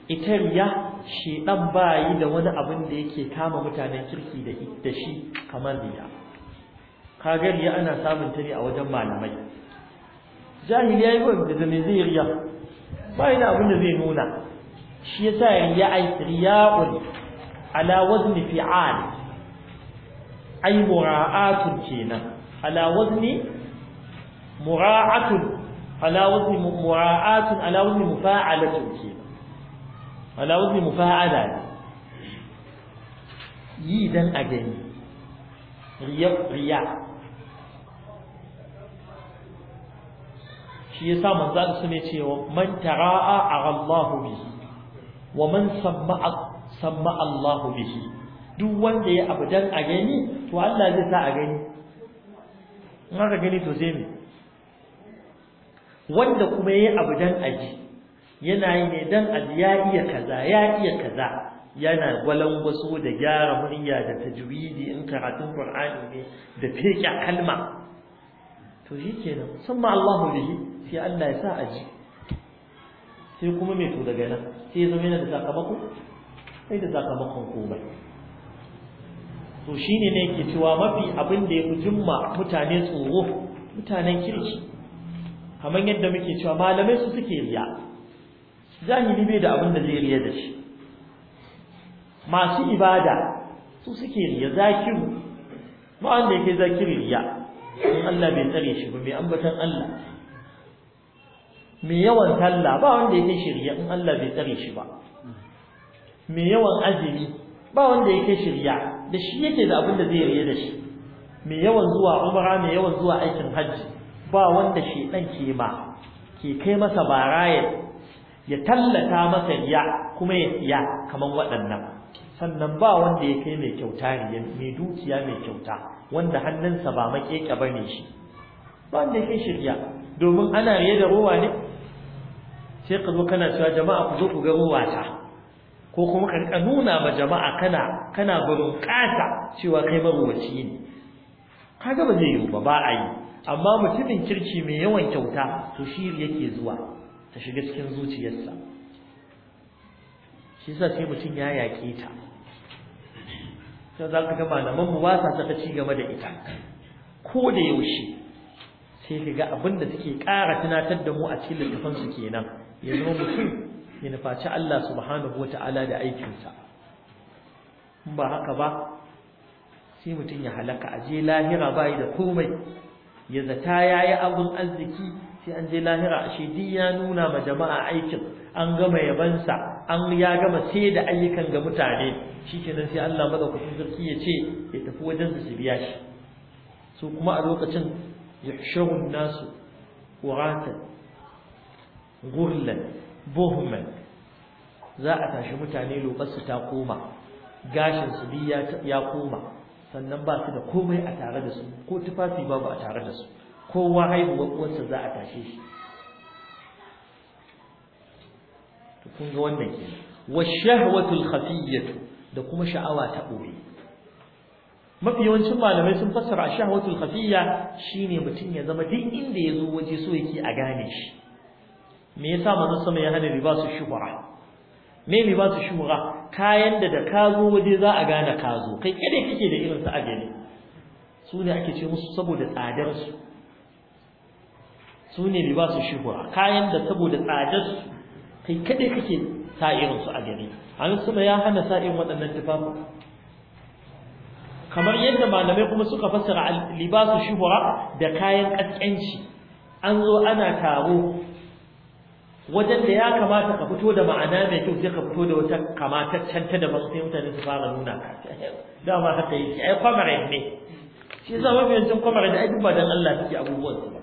ita riya shi dan bayi da wani abin da yake kama mutanen kirki da ita shi kamar riya kaga riya ana samun ta ne a wajen malamai jahili yayi wanda da zai zai riya bai da abin da zai nuna shi yasa riya ai riya'un ala wazni fi'al ai mura'atun kenan ala wazni mura'atun ala wazni mura'atun ala wazni mufa'alatun ke ala mufa'ala yi dan a gani riya riya shi yasa manzo Allah sune cewa man tara'a Allahu bihi wa man sabba'a samma Allahu bihi duk wanda ya abu dan a gani to Allah zai sa a gani in aka gani to sai me wanda kuma yayi abu dan aji yana yi ne dan aji ya iya kaza ya iya kaza yana gwalan wasu da gyara murya da tajwidi in karatun qur'ani ne da feke kalma to shi kenan summa Allahu bihi sai Allah ya sa aji sai kuma me to daga nan sai zama yana da sakamako sai da sakamakon komai to shine ne yake cewa mafi abin da ya fi jumma mutane tsoro mutanen kirki kamar yadda muke cewa malamai su suke riya jahili bai da abin da zai riya da shi masu ibada su suke riya zakiru ba wanda yake Zakiru riya in Allah bai tsare shi ba mai ambatan Allah mai yawan talla ba wanda yake shirya in Allah bai tsare shi ba mai yawan azumi ba wanda yake shirya da shi yake da abin da zai riya da shi mai yawan zuwa umara mai yawan zuwa aikin hajji ba wanda shedan ke ma ke kai masa baraye ya tallata masa riya kuma ya siya kaman waɗannan sannan ba wanda ya kai mai kyauta ne mai dukiya mai kyauta wanda hannunsa ba makeke bane shi ba wanda ke shirya domin ana riye da ruwa ne sai ka zo kana cewa jama'a ku zo ku ga ruwa ta ko kuma ka rika nuna ba jama'a kana kana burin kasa cewa kai maruwaci ne kaga ba zai yiwu ba ba a yi amma mutumin kirki mai yawan kyauta to shi yake zuwa ta shiga cikin zuciyarsa shi yasa sai mutum ya yake ta sai za ka ga malaman mu ba sa ta ci gaba da ita ko da yaushe sai ka ga abin da suke ƙara tunatar da mu a cikin littafin su kenan ya zama mutum ya nufaci Allah subhanahu wata'ala da aikinsa ba haka ba sai mutum ya halaka aje lahira bayi da komai ya zata yayi abun arziki sai an je lahira ashe din ya nuna ma jama'a aikin an gama yabansa an ya gama sai da ayyukan ga mutane shikenan sai Allah madaukakin sarki ya ce ya tafi wajen su biya shi su kuma a lokacin yahshurun nasu uratan gurlan buhman za a tashi mutane lokacin ta koma gashin su biya ya koma sannan ba su da komai a tare da su ko tufafi babu a tare da su kowa haihuwar uwarsa za a tashe shi to kun ga wannan ke wa shahwatul khafiyatu da kuma sha'awa ta ɓoye. mafi yawancin malamai sun fassara shahwatul khafiyya shine mutum ya zama duk inda ya zo waje so yake a gane shi me yasa manzon sama ya hana riba su shubha me ba su shubha kayan da da kazo waje za a gane kazo kai kade kake da irin su a gani su ne ake ce musu saboda tsadar su su ne ba su shuhura kayan da saboda tsadar su kai kade kake ta irin su a gani an suma ya hana sa irin waɗannan tufafi kamar yadda malamai kuma suka fassara libasu shuhura da kayan kaskanci an zo ana taro wajen da ya kamata ka fito da ma'ana mai kyau sai ka fito da wata kamataccen ta daban sai mutane su fara nuna ka <laughs> ma haka yake ai kwamare ne shi yasa mafi yancin kwamare da ai ba dan Allah take abubuwan su ba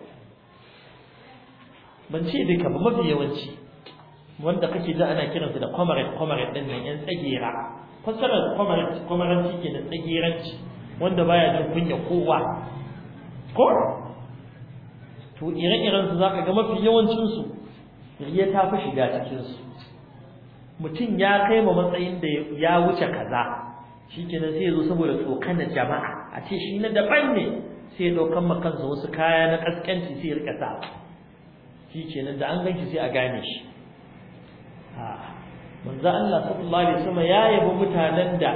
ban ce duka ba mafi yawanci wanda kake ji ana kiransu da kwamare kwamare din nan yan tsagera fassarar kwamare kwamare ke da tsageranci wanda baya jin kunya kowa ko to ire-iren su zaka ga mafi yawancin su riya ta fi shiga cikin su mutum ya kai ma matsayin da ya wuce kaza shikenan sai ya zo saboda tsokanar jama'a a ce shi na daban ne sai daukan ma kansa wasu kaya na kaskanci sai rika sa shikenan da an ganki sai a gane shi manzo Allah sallallahu alaihi wasallam ya yabo mutanen da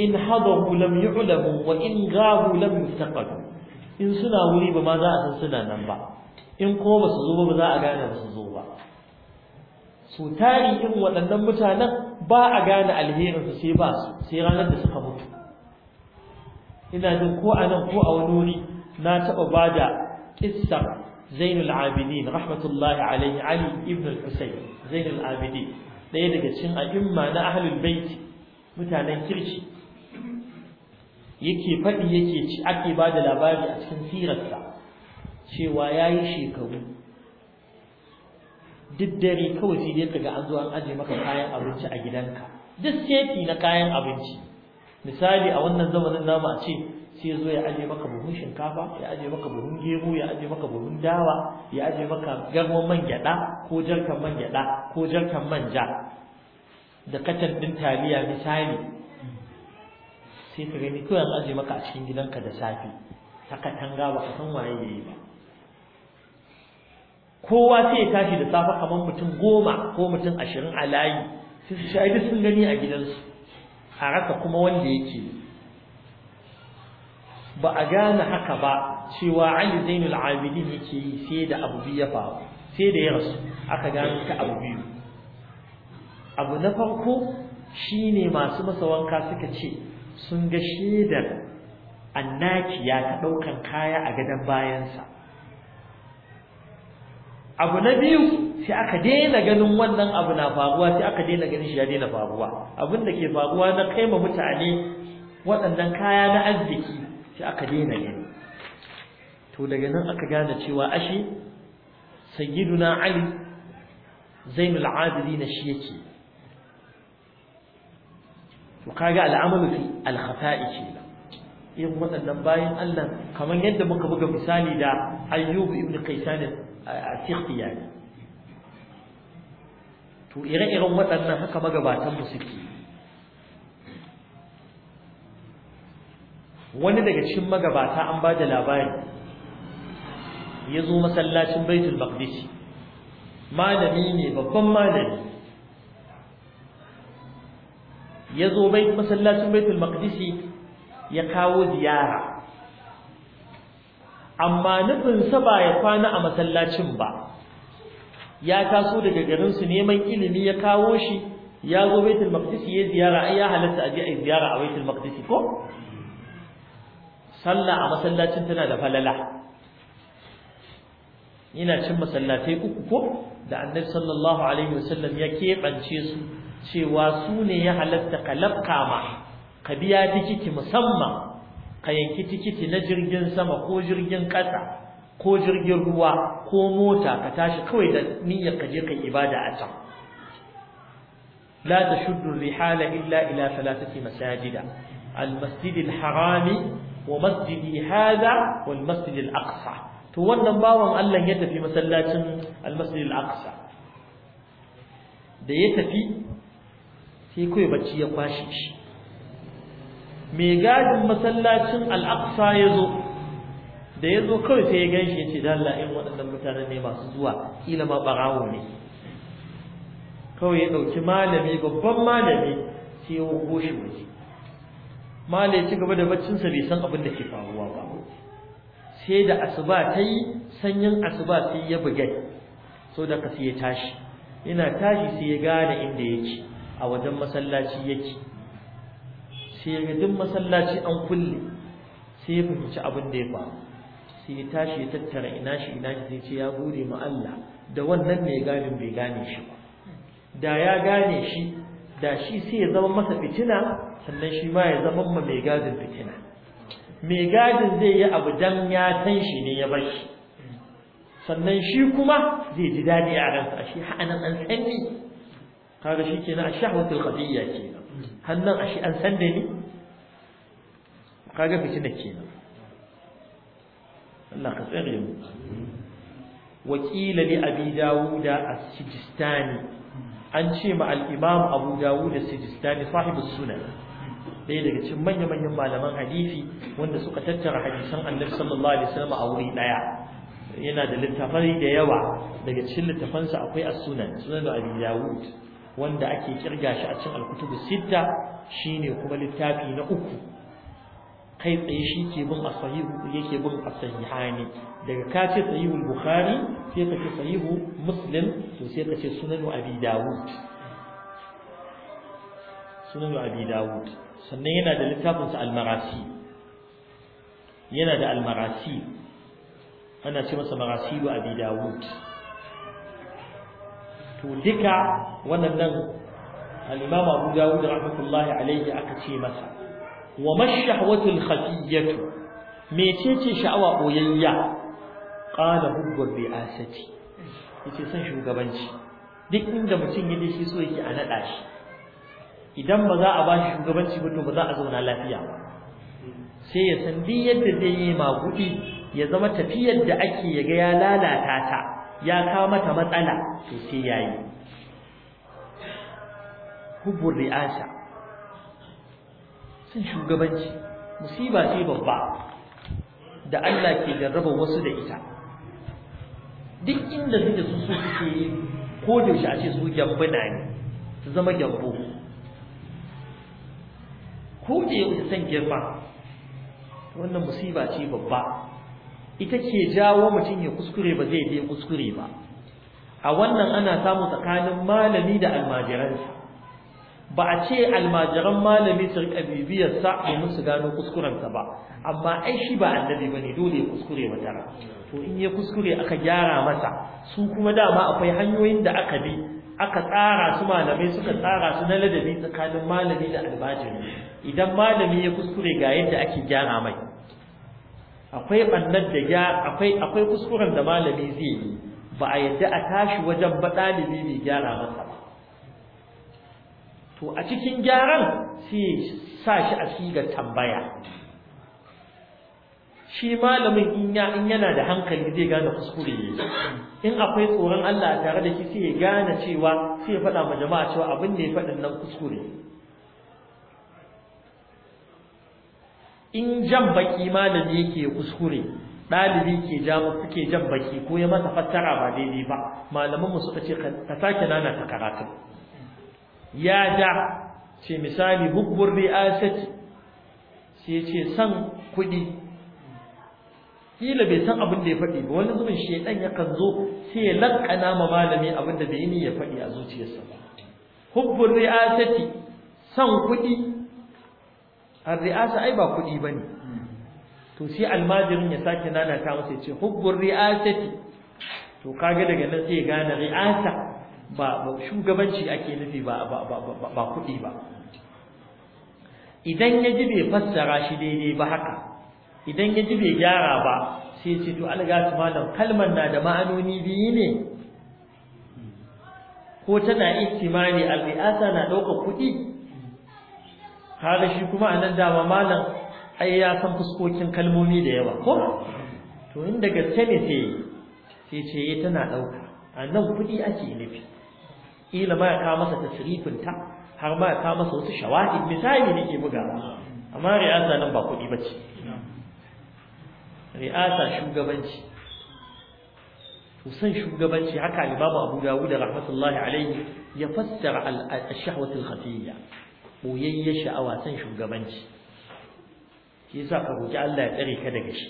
in hadahu lam yu'lamu wa in gahu lam yustaqadu in suna wuri ba ma za a san suna nan ba in ko ba su zo ba za a gane ba su zo ba su tari waɗannan mutanen ba a gane alherinsu sai ba su sai ranar da suka mutu ina jin ko a nan ko a wani wuri na taɓa ba da ƙissar zainul abidin rahmatullahi alaihi ali ibn al-husayn zainul abidin ɗaya daga cikin a'imma na ahlul baiti mutanen kirki yake faɗi yake ci ake ba da labari a cikin sirarsa cewa ya yi shekaru duk dare kawai sai dai kaga an zo an aje maka kayan abinci a gidanka duk seti na kayan abinci misali a wannan zamanin namu a ce sai zo ya aje maka buhun shinkafa ya aje maka buhun gero ya aje maka buhun dawa ya aje maka garwan man gyada ko jarkan man gyada ko jarkan manja da katan din taliya misali sai ka gani kawai an aje maka a cikin gidanka da safe ta katanga ba ka san waye yayi ba kowa sai ya tashi da safe kamar mutum goma ko mutum ashirin a layi sai su sun gani a gidansu a raka kuma wanda yake ba a gane haka ba cewa Ali Zainul ne yake yi sai da abu biyu ya faru sai da ya rasu aka gane ta abu biyu abu na farko shine masu masa wanka suka ce sun ga shaidar annaki ya ta ɗaukan kaya a gadon bayansa abu na biyu sai aka daina ganin wannan abu na faruwa sai aka daina ganin shi ya daina faruwa abin da ke faruwa na kaima mutane waɗannan kaya na arziki sai aka daina gani to daga nan aka gane cewa ashe sayyiduna ali zainul na shi yake to kaga al'amalu fi al-khafa'i kenan waɗannan bayan Allah kamar yadda muka buga misali da ayyubu ibn Kaysan a sikhtiya to ire-iren waɗannan haka magabatan mu suke wani daga cikin magabata an ba da labari ya zo masallacin baitul maqdisi malami ne babban malami ya zo masallacin baitul maqdisi ya kawo ziyara amma nufinsa ba ya kwana a masallacin ba ya taso daga garinsu neman ilimi ya kawo shi ya zo baitul maqdis ya ziyara ai ya halatta a je a ziyara a baitul maqdis ko sallah a masallacin tana da falala ina cin masallatai uku ko da annabi sallallahu alaihi wasallam ya keɓance su cewa su ne ya halatta ka ma ka biya tikiti musamman ka yanki tikiti na jirgin sama ko jirgin ƙasa ko jirgin ruwa ko mota ka tashi kawai da niyyar ka je kai ibada a can la tashuddu rihala illa ila thalathati masajida al-masjid al-harami wa masjidi hadha wal masjid al-aqsa to wannan bawon Allah ya tafi masallacin al-masjid al-aqsa da ya tafi sai kai bacci ya kwashe shi mai gadin masallacin al'aqsa ya zo da ya zo kawai sai ya gan shi ya ce da Allah waɗannan mutane ne masu zuwa ƙila ma ɓarawo ne kawai ya ɗauki malami babban malami sai ya wugo shi waje malai ci gaba da baccinsa bai san abin da ke faruwa ba sai da asuba ta yi sanyin asuba sai ya bugai so da ka sai ya tashi yana tashi sai ya gane inda yake a wajen masallaci yake sai ya ga duk masallaci an kulle sai ya fahimci abin da ya faru sai ya tashi ya tattara ina shi ina shi sai ce ya gode ma Allah da wannan mai gadin bai gane shi ba da ya gane shi da shi sai ya zama masa fitina sannan shi ma ya zama ma mai gadin fitina mai gadin zai yi abu dan ya san shi ne ya bar shi sannan shi kuma zai ji daɗi a ransa shi ha'anan an sanni kaga shi kenan a shahwatul qadiyya kenan hannun ashe an san da ni kaga fice da kenan Allah ka tsare mu wakila li abi dawud as-sijistani an ce ma al-imam abu dawud as-sijistani sahibu sunan ɗaya daga cikin manya-manyan malaman hadisi wanda suka tattara hadisan annabi sallallahu alaihi wasallam a wuri daya yana da littafai da yawa daga cikin littafansa akwai as-sunan sunan abi dawud wanda ake kirga shi a cikin alkutubu sitta shine kuma littafi na uku kai tsaye shi ke bin as-sahihu yake bin as-sahihani daga ka ce sahihul bukhari sai ka ce sahihu muslim to sai ka ce sunan abi dawud sunan abi dawud sannan yana da littafin sa al-marasi yana da al-marasi ana ce masa marasilu abi dawud to duka wannan al-imam Abu Dawud rahmatullahi alayhi aka ce masa wa mashahwatu al-khafiyatu mecece sha'awa boyayya qala hubbu ri'asati yace san shugabanci duk inda mutum ya dace so yake a nada shi idan ba za a ba shi shugabanci ba to ba za a zauna lafiya ba sai ya san duk yadda zai yi magudi ya zama tafiyar da ake yaga ya lalata ta ya kawo mata matsala to sai yayi hubbur ri'asha sun shugabanci musiba ce babba da Allah ke jarraba wasu da ita duk inda suke su su ce ko da shi a ce su na ne su zama gyambo ko da yau san girma wannan musiba ce babba ita ke jawo mutum ya kuskure ba zai je kuskure ba a wannan ana samu tsakanin malami da almajiransa ba a ce almajiran malami su rika bibiyar sa domin su gano kuskurensa ba amma ai shi ba annabi bane dole ya kuskure matara to in ya kuskure aka gyara masa su kuma dama akwai hanyoyin da aka bi aka tsara su malamai suka tsara su na ladabi tsakanin malami da albajiri idan malami ya kuskure ga yadda ake gyara mai akwai ɓannan da ya akwai akwai kuskuren da malami zai yi ba a yadda a tashi wajen ba ɗalibi bai gyara masa ba to a cikin gyaran sai sa shi a ga tambaya shi malamin in ya in yana da hankali zai gane kuskure ne in akwai tsoron Allah tare da shi sai ya gane cewa sai ya faɗa ma jama'a cewa abin da ya faɗin nan kuskure in jan baki malami yake kuskure dalibi ke ja suke jan baki ko ya masa fassara ba daidai ba malaman mu suka ce ka sake nana ta karatu ya da ce misali hubbur ri'asati sai ce san kuɗi kila bai san abin da ya faɗi ba wani zubin shedan kan zo sai ya lakkana ma malami abin da bai yi ya faɗi a zuciyarsa ba hubbur ri'asati san kuɗi ar-ri'asa ai ba kuɗi bane to sai almajirin ya sake nanata masa ya ce hubbur ri'asati to kaga daga nan sai gane ri'asa ba shugabanci ake nufi ba ba kuɗi ba idan ya ji bai fassara shi daidai ba haka idan ya ji bai gyara ba sai ce to algatu malam kalmar na da ma'anoni biyu ne ko tana ikimani al-ri'asa na ɗaukar kuɗi kaga shi kuma anan dama malam ai ya san fuskokin kalmomi da yawa ko to inda daga gaske ne sai sai ce eh, tana dauka anan kudi ake nufi ila ma ya kawo masa tasrifin ta har ma ya kawo masa wasu shawahid misali ne ke buga amma riyasa nan ba kudi bace Riyasa shugabanci to san shugabanci haka al-Imam Abu Dawud rahmatullahi alayhi ya fassara al-shahwat al-khafiyya koyayye sha'awa san shugabanci shi yasa ka roki Allah ya tsare ka daga shi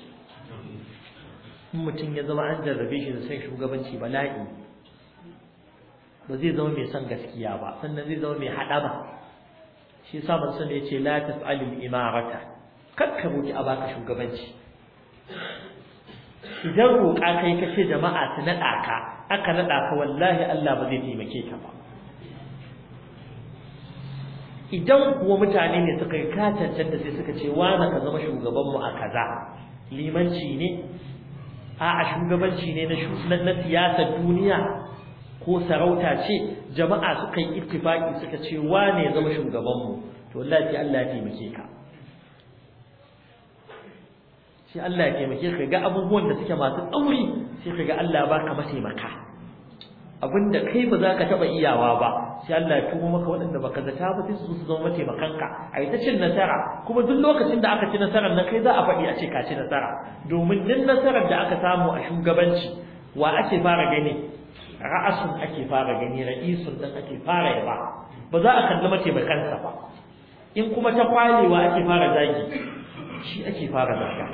in mutum ya zama an jarrabe shi da san shugabanci bala'i ba zai zama mai son gaskiya ba sannan zai zama mai haɗa ba shi yasa ban san yace la alim imarata kakka roki a baka shugabanci idan roƙa kai ce jama'a su naɗa ka aka naɗa ka wallahi Allah ba zai taimake ka ba idan kuwa mutane ne suka yi kacancan da sai suka ce wa wane ka zama shugabanmu a kaza limanci ne a a shugabanci ne na siyasar duniya ko sarauta ce jama'a suka yi ittifaki suka ce wane ya zama shugabanmu to wallahi Allah ya taimake ka sai Allah ya taimake ka ga abubuwan da suke masu tsauri sai ka ga Allah baka mataimaka abinda kai ba za ka taɓa iyawa ba sai Allah ya tuba maka waɗanda baka zata ba sai su su zama mataimakanka a yi ta cin nasara kuma duk lokacin da aka ci nasarar nan kai za a faɗi a ce ka ci nasara domin duk nasarar da aka samu a shugabanci wa ake fara gani ra'asun ake fara gani ra'isun dan ake fara yaba ba za a kalli mataimakansa ba in kuma ta kwalewa ake fara zagi shi ake fara zaga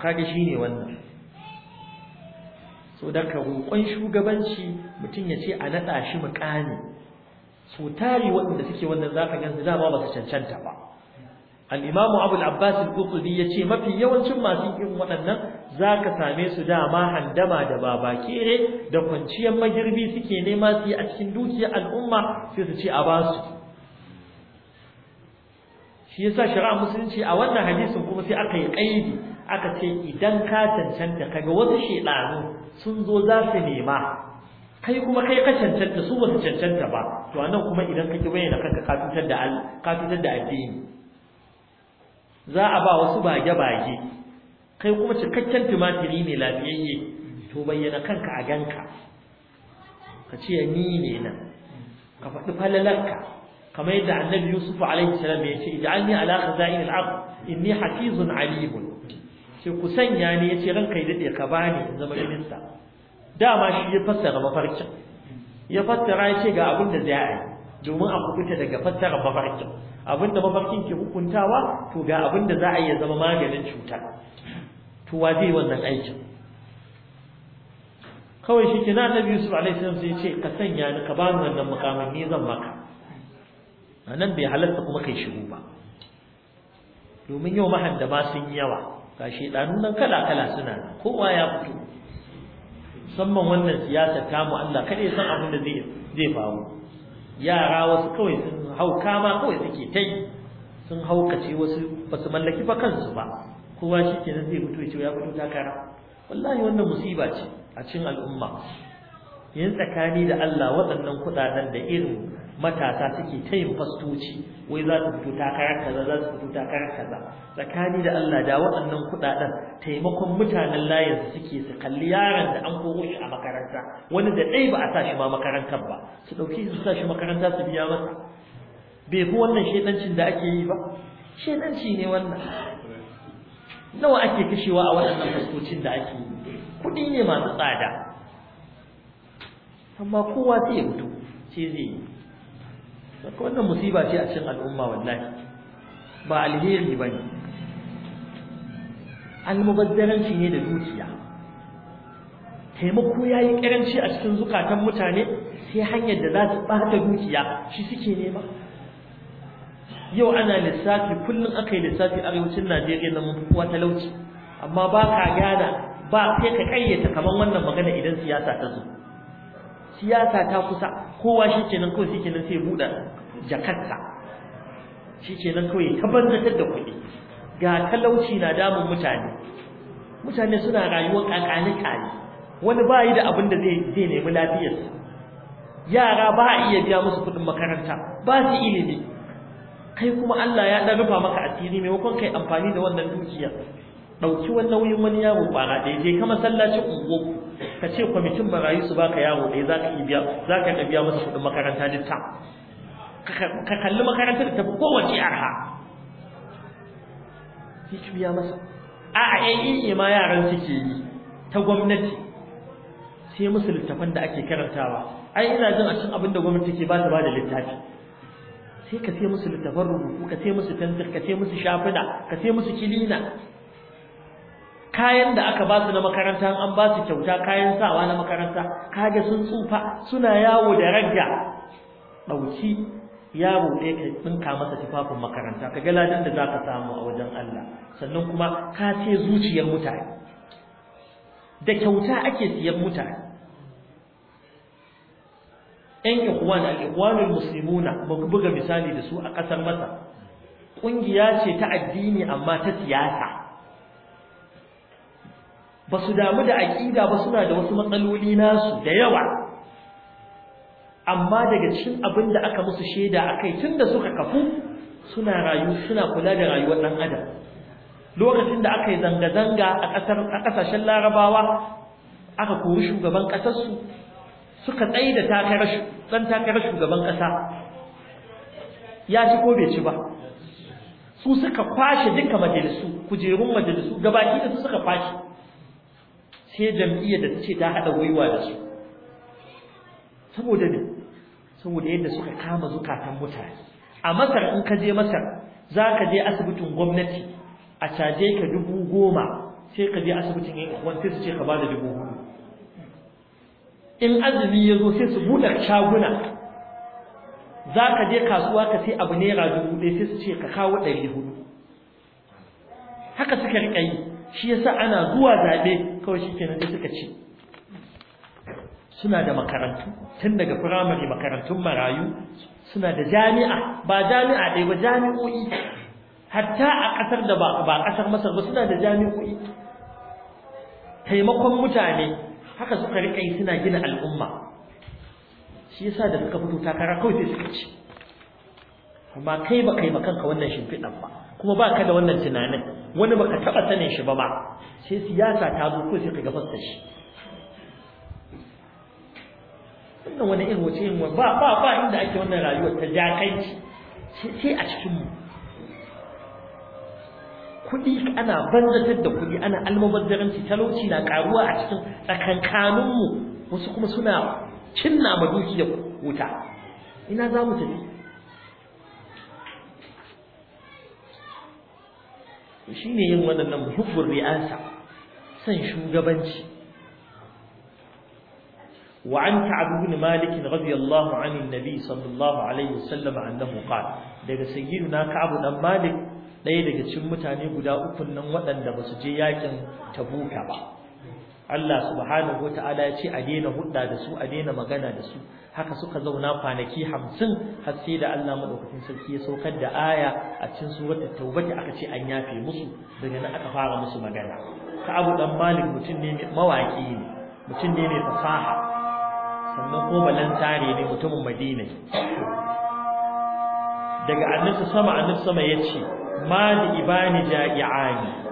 kage shine wannan so dan ka roƙon shugabanci mutum ya ce a naɗa shi muƙami so tari waɗanda suke wannan zaka gansu dama ba su cancanta ba al-imamu abu al-abbas al ce, yace mafi yawancin masu irin waɗannan zaka same su dama handama da Kere, da kwanciyar magirbi suke nema su yi a cikin dukiyar al'umma sai su ce a basu shi yasa shari'a musulunci a wannan hadisin kuma sai aka yi kaidi aka ce idan ka cancanta kaga wasu shedanu sun zo za su nema kai kuma kai ka cancanta su wasu cancanta ba to anan kuma idan ka ki bayyana kanka ka tutar da ka tutar da addini za a ba wasu bage bage kai kuma cikakken tumatiri ne lafiyayye to bayyana kanka a ganka ka ce ni ne nan ka faɗi falalarka kamar yadda annabi yusuf alaihi salam ya ce ij'alni ala khaza'in al-ard inni hafizun alim sai ku sanya ne yace ranka dade ka bani in zama minista dama shi ya fassara mafarkin ya fassara yace ga abin da zai yi domin a kubuta daga fassara mafarkin abin da mafarkin ke hukuntawa to ga abin da za a iya zama maganin cuta to wa zai wannan aikin kawai shi ke na biyu Yusuf alaihi salam sai ce ka sanya ni ka bani wannan mukamin ni zan maka anan bai halatta kuma kai shiru ba domin yau ba sun yawa ga shedanu nan kala kala suna kowa ya fito musamman wannan siyasa ta mu Allah kada ya san abin da zai faru yara wasu kawai sun hauka ma kawai suke ta yi sun haukace wasu ba su mallaki ba kansu ba kowa shi kenan zai fito ya ce ya fito takara wallahi wannan musiba ce a cikin al'umma yin tsakani da Allah waɗannan kuɗaɗen da irin matasa suke ta yin fastoci wai za su fito takarar kaza za su fito takarar kaza tsakani da Allah da waɗannan kuɗaɗen taimakon mutanen layar suke su kalli yaron da an koko shi a makaranta wani da dai ba a sa shi ma makarantar ba su ɗauki su sa shi makaranta su biya masa bai fi wannan shaidancin da ake yi ba shaidanci ne wannan nawa ake kashewa a waɗannan fastocin da ake yi kuɗi ne masu tsada amma kowa sai ya fito sai zai yi saka wannan musiba ce a cikin al'umma wallahi ba alheri bane almubazzaranci ne da dukiya taimako yayi karanci a cikin zukatan mutane sai hanyar da za su bata dukiya shi suke nema yau ana lissafi kullum aka yi lissafi arewacin Najeriya na kuwa talauci amma ba ka gana ba sai ka kayyata kamar wannan magana idan siyasa ta zo siyasa ta kusa kowa shi kenan kawai shi kenan sai buɗe jakarta shi kenan kawai ta banzatar da kuɗi ga talauci na damun mutane mutane suna rayuwar ƙaƙani ƙani wani ba yi da abin da zai nemi lafiyarsu yara ba a iya biya musu kuɗin makaranta ba su ilimi kai kuma Allah ya ɗan rufa maka asiri maimakon kai amfani da wannan dukiya ɗauki wannan nauyin wani yaro ƙwara ɗaya je ka sallacin unguwarku ka ce kwamitin marayu su baka yawo, ɗaya za ka biya za ka biya masa kuɗin makaranta duk ka kalli makaranta da tafi kowace arha sai ki biya masa a a ne e ma yaran suke yi ta gwamnati sai musu littafan da ake karantawa ai ina jin a cikin abin da gwamnati ke ba ta ba da littafi sai ka sai musu littafan rubutu ka sai musu tantir ka sai musu shafuna ka sai musu kilina kayan da aka ba su na makaranta an ba su kyauta kayan sawa na makaranta kaga sun tsufa suna yawo da ragga dauki yaro sun ka masa tufafin makaranta ka ga ladan da zaka samu a wajen Allah sannan kuma ka ce zuciyar mutane da kyauta ake siyan mutane ƴan ikwan al-ikhwanul muslimuna ba ku buga misali da su a ƙasar masa. Ƙungiya ce ta addini amma ta siyasa ba su damu da aƙida ba suna da wasu matsaloli nasu da yawa amma daga cikin abin da aka musu shaida a kai tun da suka kafu suna rayu suna kula da rayuwar ɗan adam lokacin da aka yi zanga-zanga a ƙasashen larabawa aka kori shugaban ƙasarsu suka tsaye da ɗan takarar shugaban ƙasa ya ci ko bai ci ba su suka kwashe duka majalisu kujerun majalisu gabaki da su suka kwashe sai jam'iyyar da ce ta haɗa gwiwa da su saboda ne saboda yadda suka kama zukatan mutane a masar in ka je masar za ka je asibitin gwamnati a caje ka dubu goma sai ka je asibitin yin kwan sai su ce ka ba da dubu goma. in azumi ya zo sai su buɗe shaguna za ka je kasuwa ka sai abu naira dubu ɗaya sai su ce ka kawo ɗari hudu haka suka riƙa yi shi yasa ana zuwa zaɓe kawai shi kenan da suka ci suna da makarantu tun daga firamare makarantun marayu suna da jami'a ba jami'a ɗaya ba jami'o'i hatta a ƙasar da ba kasar masar ba suna da jami'o'i taimakon mutane haka suka riƙa yi suna gina al'umma shi yasa da suka fito takara kawai sai suka ci amma kai ba kai kanka wannan shimfiɗan ba kuma ba ka da wannan tunanin wani baka taba sanin shi ba ba, sai siyasa ta zo ko sai ka gabas da shi wannan wani irin wace yin ba ba ba inda ake wannan rayuwar ta jakanci sai a cikin mu kuɗi ana banzatar da kuɗi ana almabazzaranci talauci na karuwa a cikin tsakankanin mu wasu kuma suna cinna ma dukiyar wuta ina za mu tafi shi ne yin waɗannan hubbun ri'asa san shugabanci وعن ne malikin rabi Allah الله عن nabi sallallahu alaihi wasallam وسلم أنه hukar daga na Ka'ab dan Malik ɗaya daga cin mutane guda uku nan waɗanda ba su je yakin Tabuka ba Allah subhanahu wata'ala ya ce a daina hudda da su a daina magana da su haka suka zauna kwanaki hamsin har sai da Allah madaukakin sarki ya saukar da aya a cikin suratul tauba da aka ce an yafe musu daga nan aka fara musu magana Ka Abu dan Malik mutum ne mawaki ne mutum ne mai fasaha sannan ko balantare ne mutumin Madina daga annabi sama annabi sama yace mali ibani ja'iani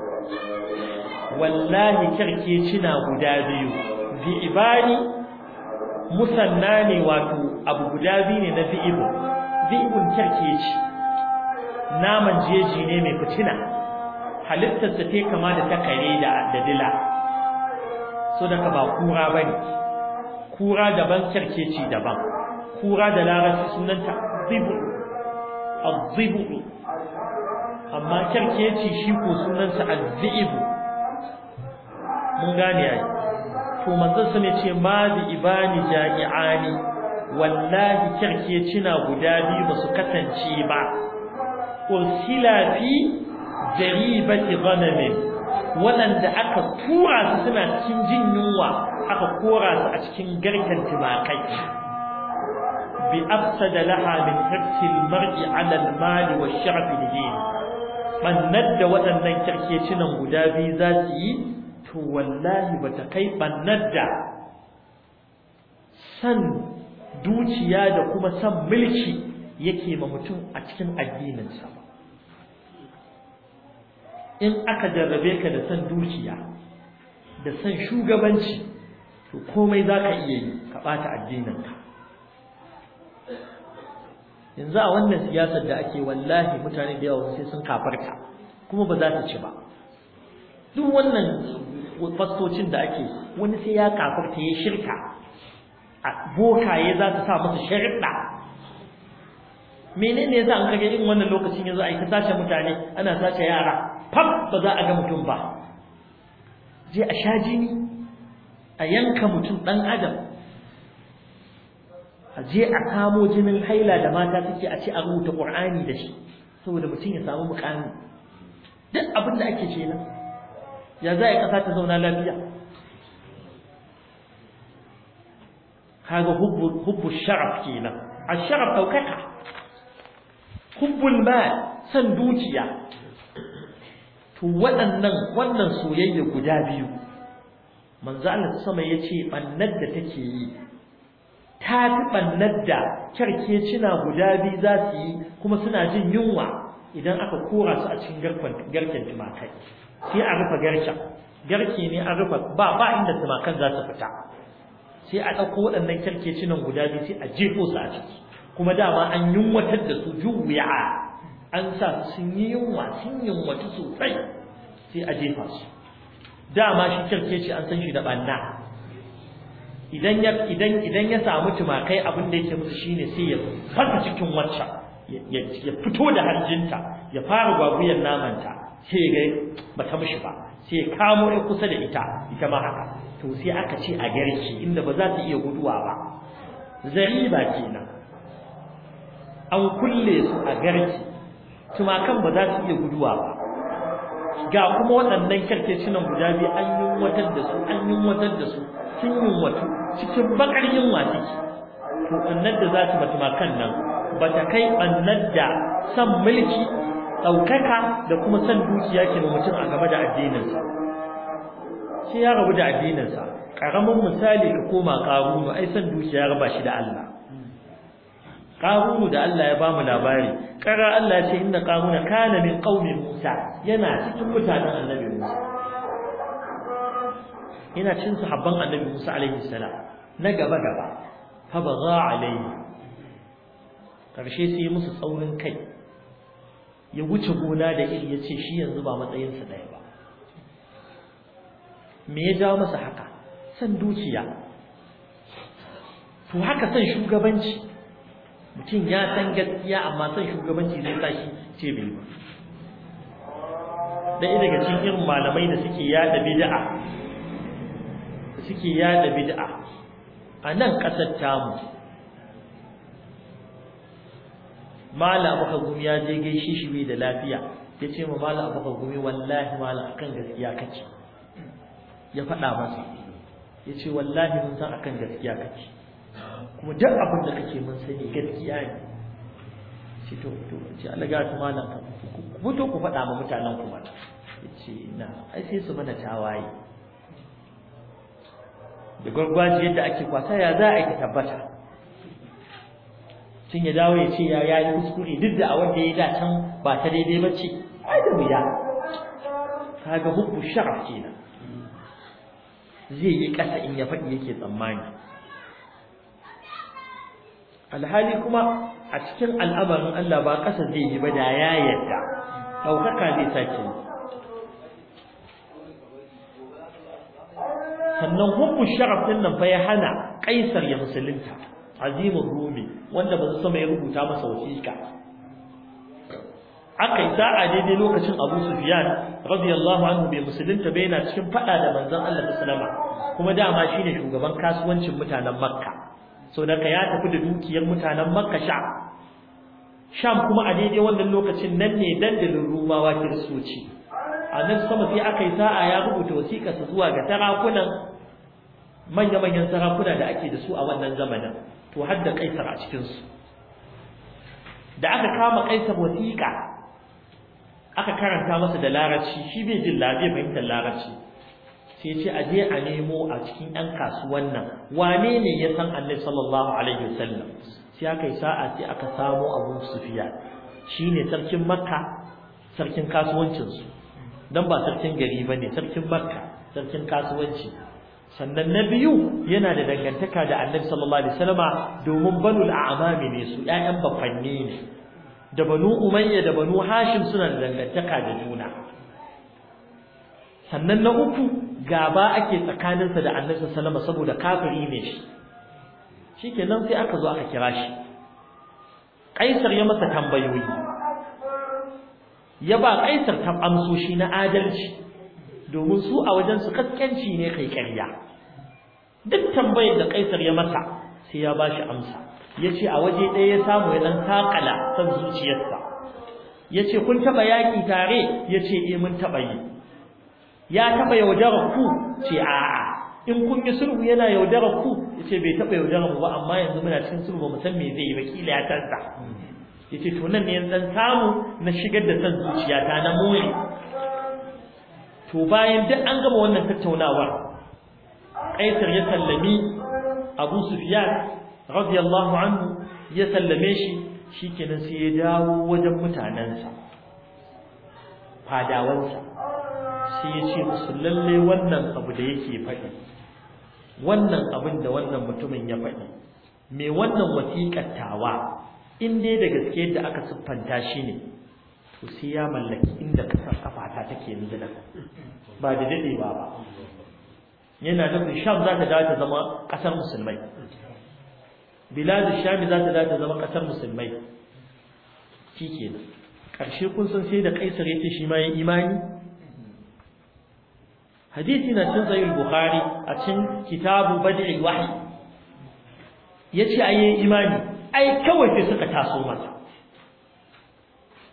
wallahi kyarkecina guda biyu bi'ibani musanna ne wato abu guda biyu ne na bi'ibu bi'ibun kyarkeci naman jeji ne mai fitina halittarsa ta kama da ta kare da dila so daga ba kura ba ne kura daban kyarkeci daban kura da larabci sunanta zibu azzibu amma kyarkeci shi ko sunansa azzibu mun gane ai to manzon ce ma bi ibani jami'ani wallahi kirkecina guda biyu ba su kasance ba ursila fi jaribati Wannan waɗanda aka tura su suna cikin jin yunwa aka kora su a cikin garken tumakai bi afsada laha min hirsi almar'i ala almali wa sharaf alhin bannat da waɗannan kirkecinan guda biyu za su yi to wallahi ba ta kai bannar da san dukiya da kuma san mulki yake ma mutum a cikin addininsa ba in aka jarrabe ka da san dukiya da san shugabanci to komai za ka iya yi ka ɓata addininka yanzu a wannan siyasar da ake wallahi mutane da yawa sai sun kafarta kuma ba za ta ci ba duk wannan fastocin da ake wani sai ya kafarta ya shirka a bokaye za su sa masa shirka menene yasa an kage irin wannan lokacin yanzu yi ta sace mutane ana sace yara fam ba za a ga mutum ba je a sha jini a yanka mutum dan adam a je a kamo jinin haila da mata suke a ce a rubuta qur'ani da shi saboda mutum ya samu mukami duk abin da ake kenan ya za a ƙasa ta zauna lafiya kaga hubbu sharaf kenan a sharaf ɗaukaka hubbul ma san dukiya to waɗannan wannan soyayya guda biyu manzo Allah sama yace bannar da take yi ta fi bannar da kyarkecina guda biyu za su yi kuma suna jin yunwa idan aka kora su a cikin garken tumakai sai a rufe garken garke ne a rufe ba ba inda tumakan za su fita sai a ɗauko waɗannan kyarkecinan guda biyu sai a jefo su a ciki kuma dama an yunwatar da su juwiya an sa sun yi yunwa sun wata sosai sai a jefa su dama shi kyarkeci an san shi da ɓanna idan ya idan idan ya samu tumakai abin da yake musu shine sai ya fasa cikin wacce ya fito da hanjinta ya fara gwaguyar namanta sai ga bata mishi ba sai kamo ya kusa da ita ita ma haka to sai aka ce a garki inda ba za ta iya guduwa ba Zari ba kenan an kulle su a garki tumakan ba za su iya guduwa ba ga kuma waɗannan cinan guda biyu an watar da su an watar da su sun watu cikin bakar yunwa ciki to annar da za su batumakan nan ba ta kai annar da san mulki Daukaka da kuma san dukiya ke da mutum a gaba da addininsa shi ya rabu da addininsa karamin misali ka koma ƙarunu ai san dukiya ya raba shi da Allah ƙarunu da Allah ya ba mu labari ƙara Allah ce inna ƙaruna kana min qaumi Musa yana cikin mutanen annabi Musa yana cin sahabban annabi Musa alaihi salam na gaba gaba fa baza alaihi karshe sai musu tsaurin kai ya wuce gona da iri ya ce shi yanzu ba matsayinsa ɗaya ba me ya jawo masa haka san dukiya to haka san shugabanci mutum ya san gaskiya amma san shugabanci zai sa shi ce bai ba da ina daga cikin irin malamai da suke yada bid'a da suke yada bid'a a nan ƙasar tamu mala baka gumi ya je gaishe shi bai da lafiya ya ce ma mala baka gumi wallahi mala akan gaskiya kake ya faɗa masa ya ce wallahi mun san akan gaskiya kake kuma duk abin da kake mun sani gaskiya ne shi to to ce Allah ga su malam ka ku to ku faɗa ma mutanen ku mata Ya ce na ai sai su mana tawaye da gurgwaji yadda ake kwasa ya za a yi tabbata sun ya dawo ya ce ya yi kuskure duk da a wanda ya yi can ba ta daidai ba ce ai da wuya kaga hubbu sharaf nan zai yi ƙasa in ya faɗi yake tsammani alhali kuma a cikin al'amarin Allah ba kasa zai yi ba da ya yarda ɗaukaka zai sake yi sannan hukun sharaf nan fa ya hana kaisar ya musulunta azimin rumi wanda ba su sama ya rubuta masa wasiƙa aka yi sa'a daidai lokacin abu sufiyan radiyallahu anhu bai musulunta bai yana cikin fada da manzon Allah ta kuma dama shine shugaban kasuwancin mutanen makka so da ka ya tafi da dukiyar mutanen makka sha sham kuma a daidai wannan lokacin nan ne dandalin rumawa kiristoci a nan sama sai aka yi sa'a ya rubuta wasiƙarsa zuwa ga tarakunan manya-manyan sarakuna da ake da su a wannan zamanin to har da kaisar a cikin su da aka kama kaisar wasiƙa aka karanta masa da larabci shi bai jin lafiya fahimtar larabci sai ce a je a nemo a cikin ɗan kasuwan nan wane ne ya san annabi sallallahu alaihi wasallam sai aka yi sa'a sai aka samo abu sufiya shine sarkin makka sarkin kasuwancin su dan ba sarkin gari bane sarkin makka sarkin kasuwanci sannan na biyu yana da dangantaka da annabi sallallahu alaihi wasallama domin banul a'mami ne su ƴaƴan bafanni ne da banu umayya da banu hashim suna da dangantaka da juna sannan na uku gaba ake tsakaninsa da annabi sallallahu alaihi saboda kafiri ne shi shikenan sai aka zo aka kira shi kaisar ya masa tambayoyi ya ba kaisar ta amsoshi na adalci domin su a wajen su kaskanci ne kai ƙarya duk tambayar da kaisar ya masa sai ya bashi amsa yace a waje ɗaya ya samu ya dan takala san zuciyarsa yace kun taba yaki tare yace eh mun taba yi ya taba yaudarar ku ce a in kun yi sulhu yana yaudarar ku yace bai taba yaudarar ku ba amma yanzu muna cikin sulhu ba mu san me zai yi ba kila ya tanta yace to nan ne yanzu samu na shigar da san zuciya na more to bayan duk an gama wannan tattaunawar Kaisar ya sallami Abu Sufyan radiyallahu anhu ya sallame shi shikenan sai ya dawo wajen mutanansa fadawansa sai ya ce musu lalle wannan abu da yake faɗi wannan abin da wannan mutumin ya faɗi me wannan wasiƙar tawa in dai da gaske da aka siffanta shi ne to sai ya mallaki inda kasar kafata take yanzu nan ba da dadewa ba yana nufin sham za ta dawo zama kasar musulmai bilad sham za ta dawo zama kasar musulmai shikenan karshe kun san sai da kaisar yace shi ma yin imani hadisi na cin sahih bukhari a cin kitabu bad'i wahyi yace ayi imani ai kawai sai suka taso masa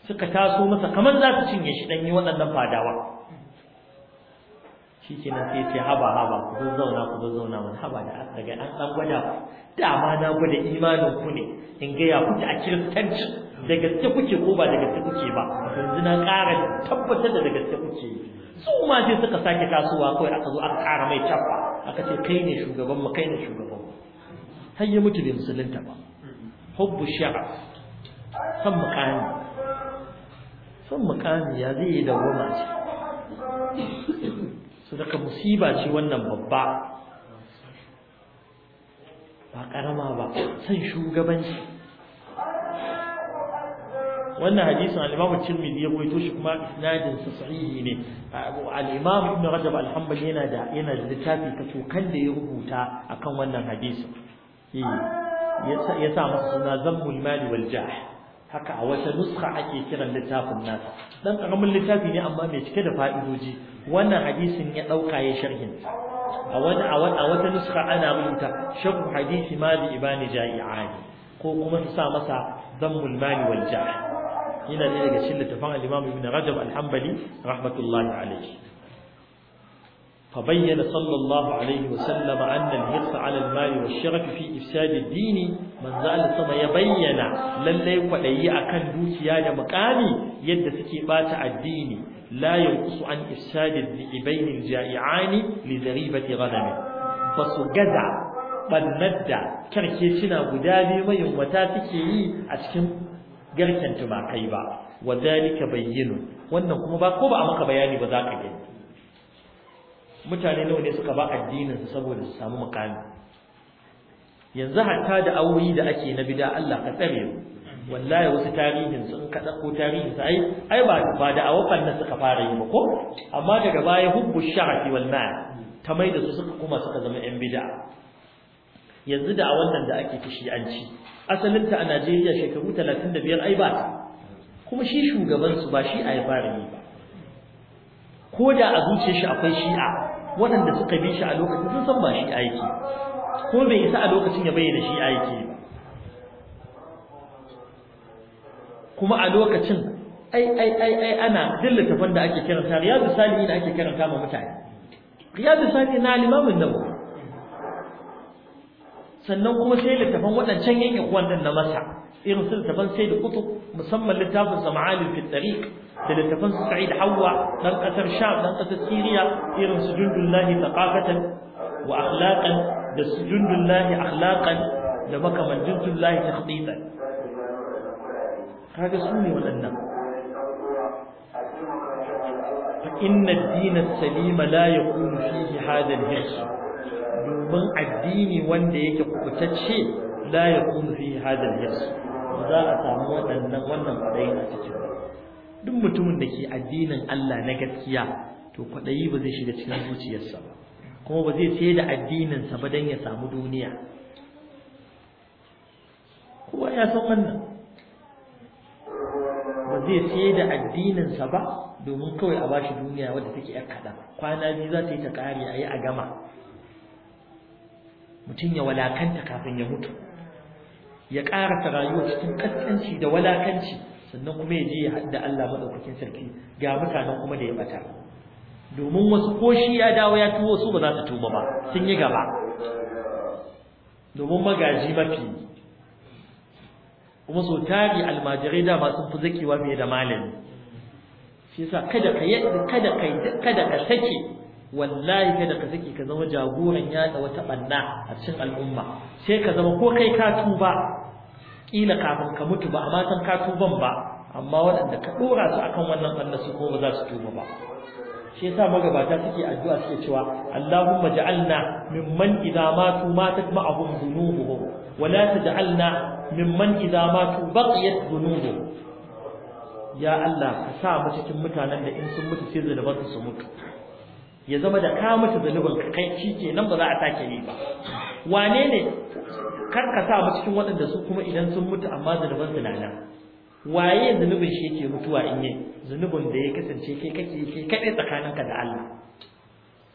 suka taso masa kamar za su cinye shi danyi waɗannan fadawa shi ke nan sai ce haba haba ku zo zauna ku zo zauna wani haba da aka ga an ɗan gwada dama na gwada imanin ku ne in gaya kuke a kiristanci da gaske kuke ko ba da gaske kuke ba yanzu na ƙara tabbatar da da gaske kuke su ma sai suka sake tasowa kawai aka zo aka ƙara mai cappa aka ce kai ne shugaban mu kai ne shugaban mu har ya mutu bai musulunta ba hubbu sha'a san mukami son mukami zai yi da goma ce su daga musiba ce wannan babba ba karama ba son shugabanci wannan hadisin alimamu imam Tirmidhi ya rawaito shi kuma isnadin su sahihi ne al-Imam Ibn Rajab al yana da yana da littafi ta tokan da ya rubuta akan wannan hadisun ya sa masa suna zan mali wal haka a wata nuskha ake kiran littafin nasa dan karamin littafi ne amma mai cike da fa'idoji wannan hadisin ya dauka ya sharhin a wata a wata nuskha ana rubuta sharhu hadisi ma bi ibani ja'i'ani ko kuma su sa masa zammul mulmani wal jah ina ne daga cikin littafin al-Imam Ibn Rajab al-Hanbali rahmatullahi alayhi فبين صلى الله عليه وسلم أن الحرص على المال والشغف في إفساد الدين من زال سما يبين للي ولي أكن دوكيا مقامي يد سكيبات الدين لا ينقص عن إفساد الذئبين الجائعان لذريبة غنم فسجدع ɓannar karke suna guda biyu mayunwata take yi a cikin garken tumakai ba wa zalika bayyinu wannan kuma ba ko ba a maka bayani ba za ka gani mutane nawa ne suka ba addinin su saboda su samu mukami yanzu hatta da aure da ake na bida Allah ka tsare mu wallahi wasu tarihin sun ka ko tarihin sai ai ba ba da awafan nan suka fara yi ba ko amma daga baya hubbu sha'fi wal ma'a ta mai da su suka kuma suka zama yan bid'a yanzu da wannan da ake fushi an ci asalin ta a Najeriya shekaru 35 ai ba kuma shi shugaban su ba shi ai fara yi ba ko da a zuciyar shi akwai shi'a waɗanda suka bi shi a lokacin sun san ba shi aiki ko bai isa a lokacin ya bayyana shi aiki kuma a lokacin ai ai ai ai ana dillata fanda ake karanta riyadu salihin ake karanta ma mutane riyadu salihin na limamin nawawi sannan kuma sai littafan waɗancan yankin wannan na masa irin su littafan sai da kutu musamman littafin sa ma'alin fi da littafin su Sa'id hawa dan kasar Sham dan kasar Syria irin su Jundullahi thaqafatan wa akhlaqan da su Jundullahi akhlaqan da makaman Jundullahi takhditan kaga su ne waɗannan فإن الدين السليم لا يكون فيه هذا الهرس domin addini wanda yake kubutacce la yakunu fi hadal yas za a samu wadannan wannan kudai a cikin duk mutumin da ke addinin Allah na gaskiya to kwaɗayi ba zai shiga cikin zuciyarsa ba kuma ba zai sai da addininsa ba don ya samu duniya kowa ya san wannan ba zai sai da addininsa ba domin kawai a bashi duniya wanda take yar kada kwana biyu za ta yi ta kare a yi a gama mutum ya walakanta kafin ya mutu ya ƙara ta rayuwa cikin kaskanci da walakanci sannan kuma ya je ya hadda Allah madaukakin sarki ga mutanen kuma da ya bata domin wasu ko shi ya dawo ya tuwo su ba za su tuba ba sun yi gaba domin magaji mafi kuma so tari almajirai da sun fi zakewa mai da malami shi yasa kada ka kada ka kada ka sake wallahi kada ka sake ka zama jagoran yada wata banna a cikin al'umma sai ka zama ko kai ka tuba kila kafin ka mutu ba amma san ka tuban ba amma waɗanda ka dora su akan wannan annasu ko ba za su tuba ba shi yasa magabata suke addu'a suke cewa Allahumma ja'alna mimman idza matu matat ma'ahum dhunubuhum wa la taj'alna mimman idza matu baqiyat dhunubuhum ya Allah ka sa mu cikin mutanen da in sun mutu sai zulubansu su mutu ya zama da ka mutu zulubin ka kai nan ba za a take ni ba wane ne kar ka sa mu cikin waɗanda su kuma idan sun mutu amma zunuban su nana waye zunubin shi yake mutuwa in yi zunubin da ya kasance kai kake kai kaɗai tsakaninka da Allah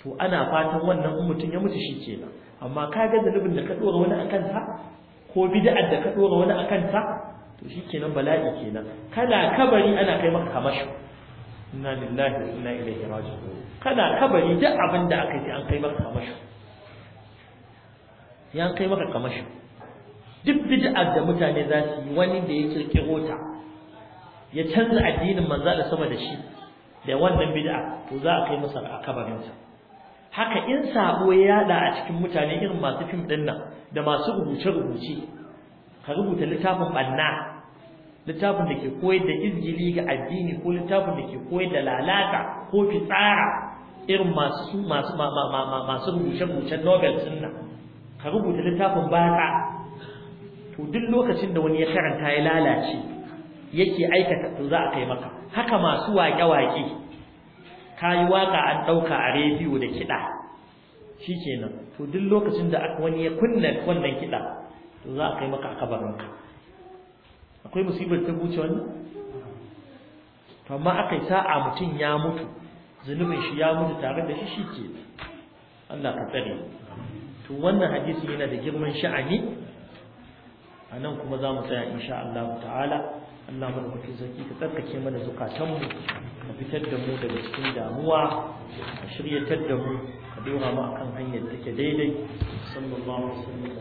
to ana fatan wannan in mutum ya mutu shi ke nan amma ka ga zunubin da ka ɗora wani akan sa ko bid'ar da ka ɗora wani akan sa to shi kenan bala'i nan kana kabari ana kai maka kamashi inna lillahi wa inna ilaihi raji'un kana kabari duk abin da aka yi an kai maka kamashi Yan kai maka kamashin duk bid'ar da mutane za su yi wani da ya kirkiro ta ya canza addinin manzo da sama da shi da wannan bid'a to za a kai masa a haka in sabo ya yada a cikin mutane irin masu fim din nan da masu rubuce rubuce ka rubuta littafin banna littafin da ke koyar da injili ga addini ko littafin da ke koyar da lalata ko fitsara irin masu masu masu rubuce rubuce nobel din ka rubuta littafin batsa to duk lokacin da wani ya karanta ya lalace yake aikata to za a kai maka haka masu waƙe-waƙe kayi waƙa an ɗauka a rediyo da kiɗa shikenan to duk lokacin da wani ya kunna wannan kiɗa to za a kai maka a kabarinka akwai musibar ta buce wannan to amma akai sa'a mutum ya mutu zunubin shi ya mutu tare da shi shike Allah ka tsare to wannan hadisi yana da girman sha'ani a nan kuma za mu tsaya insha Allah ta'ala Allah mu dauki zaki ka tsarkake mana zukatanmu ka fitar da mu daga cikin damuwa ka shiryatar da mu ka dora mu akan hanyar take daidai sallallahu alaihi wasallam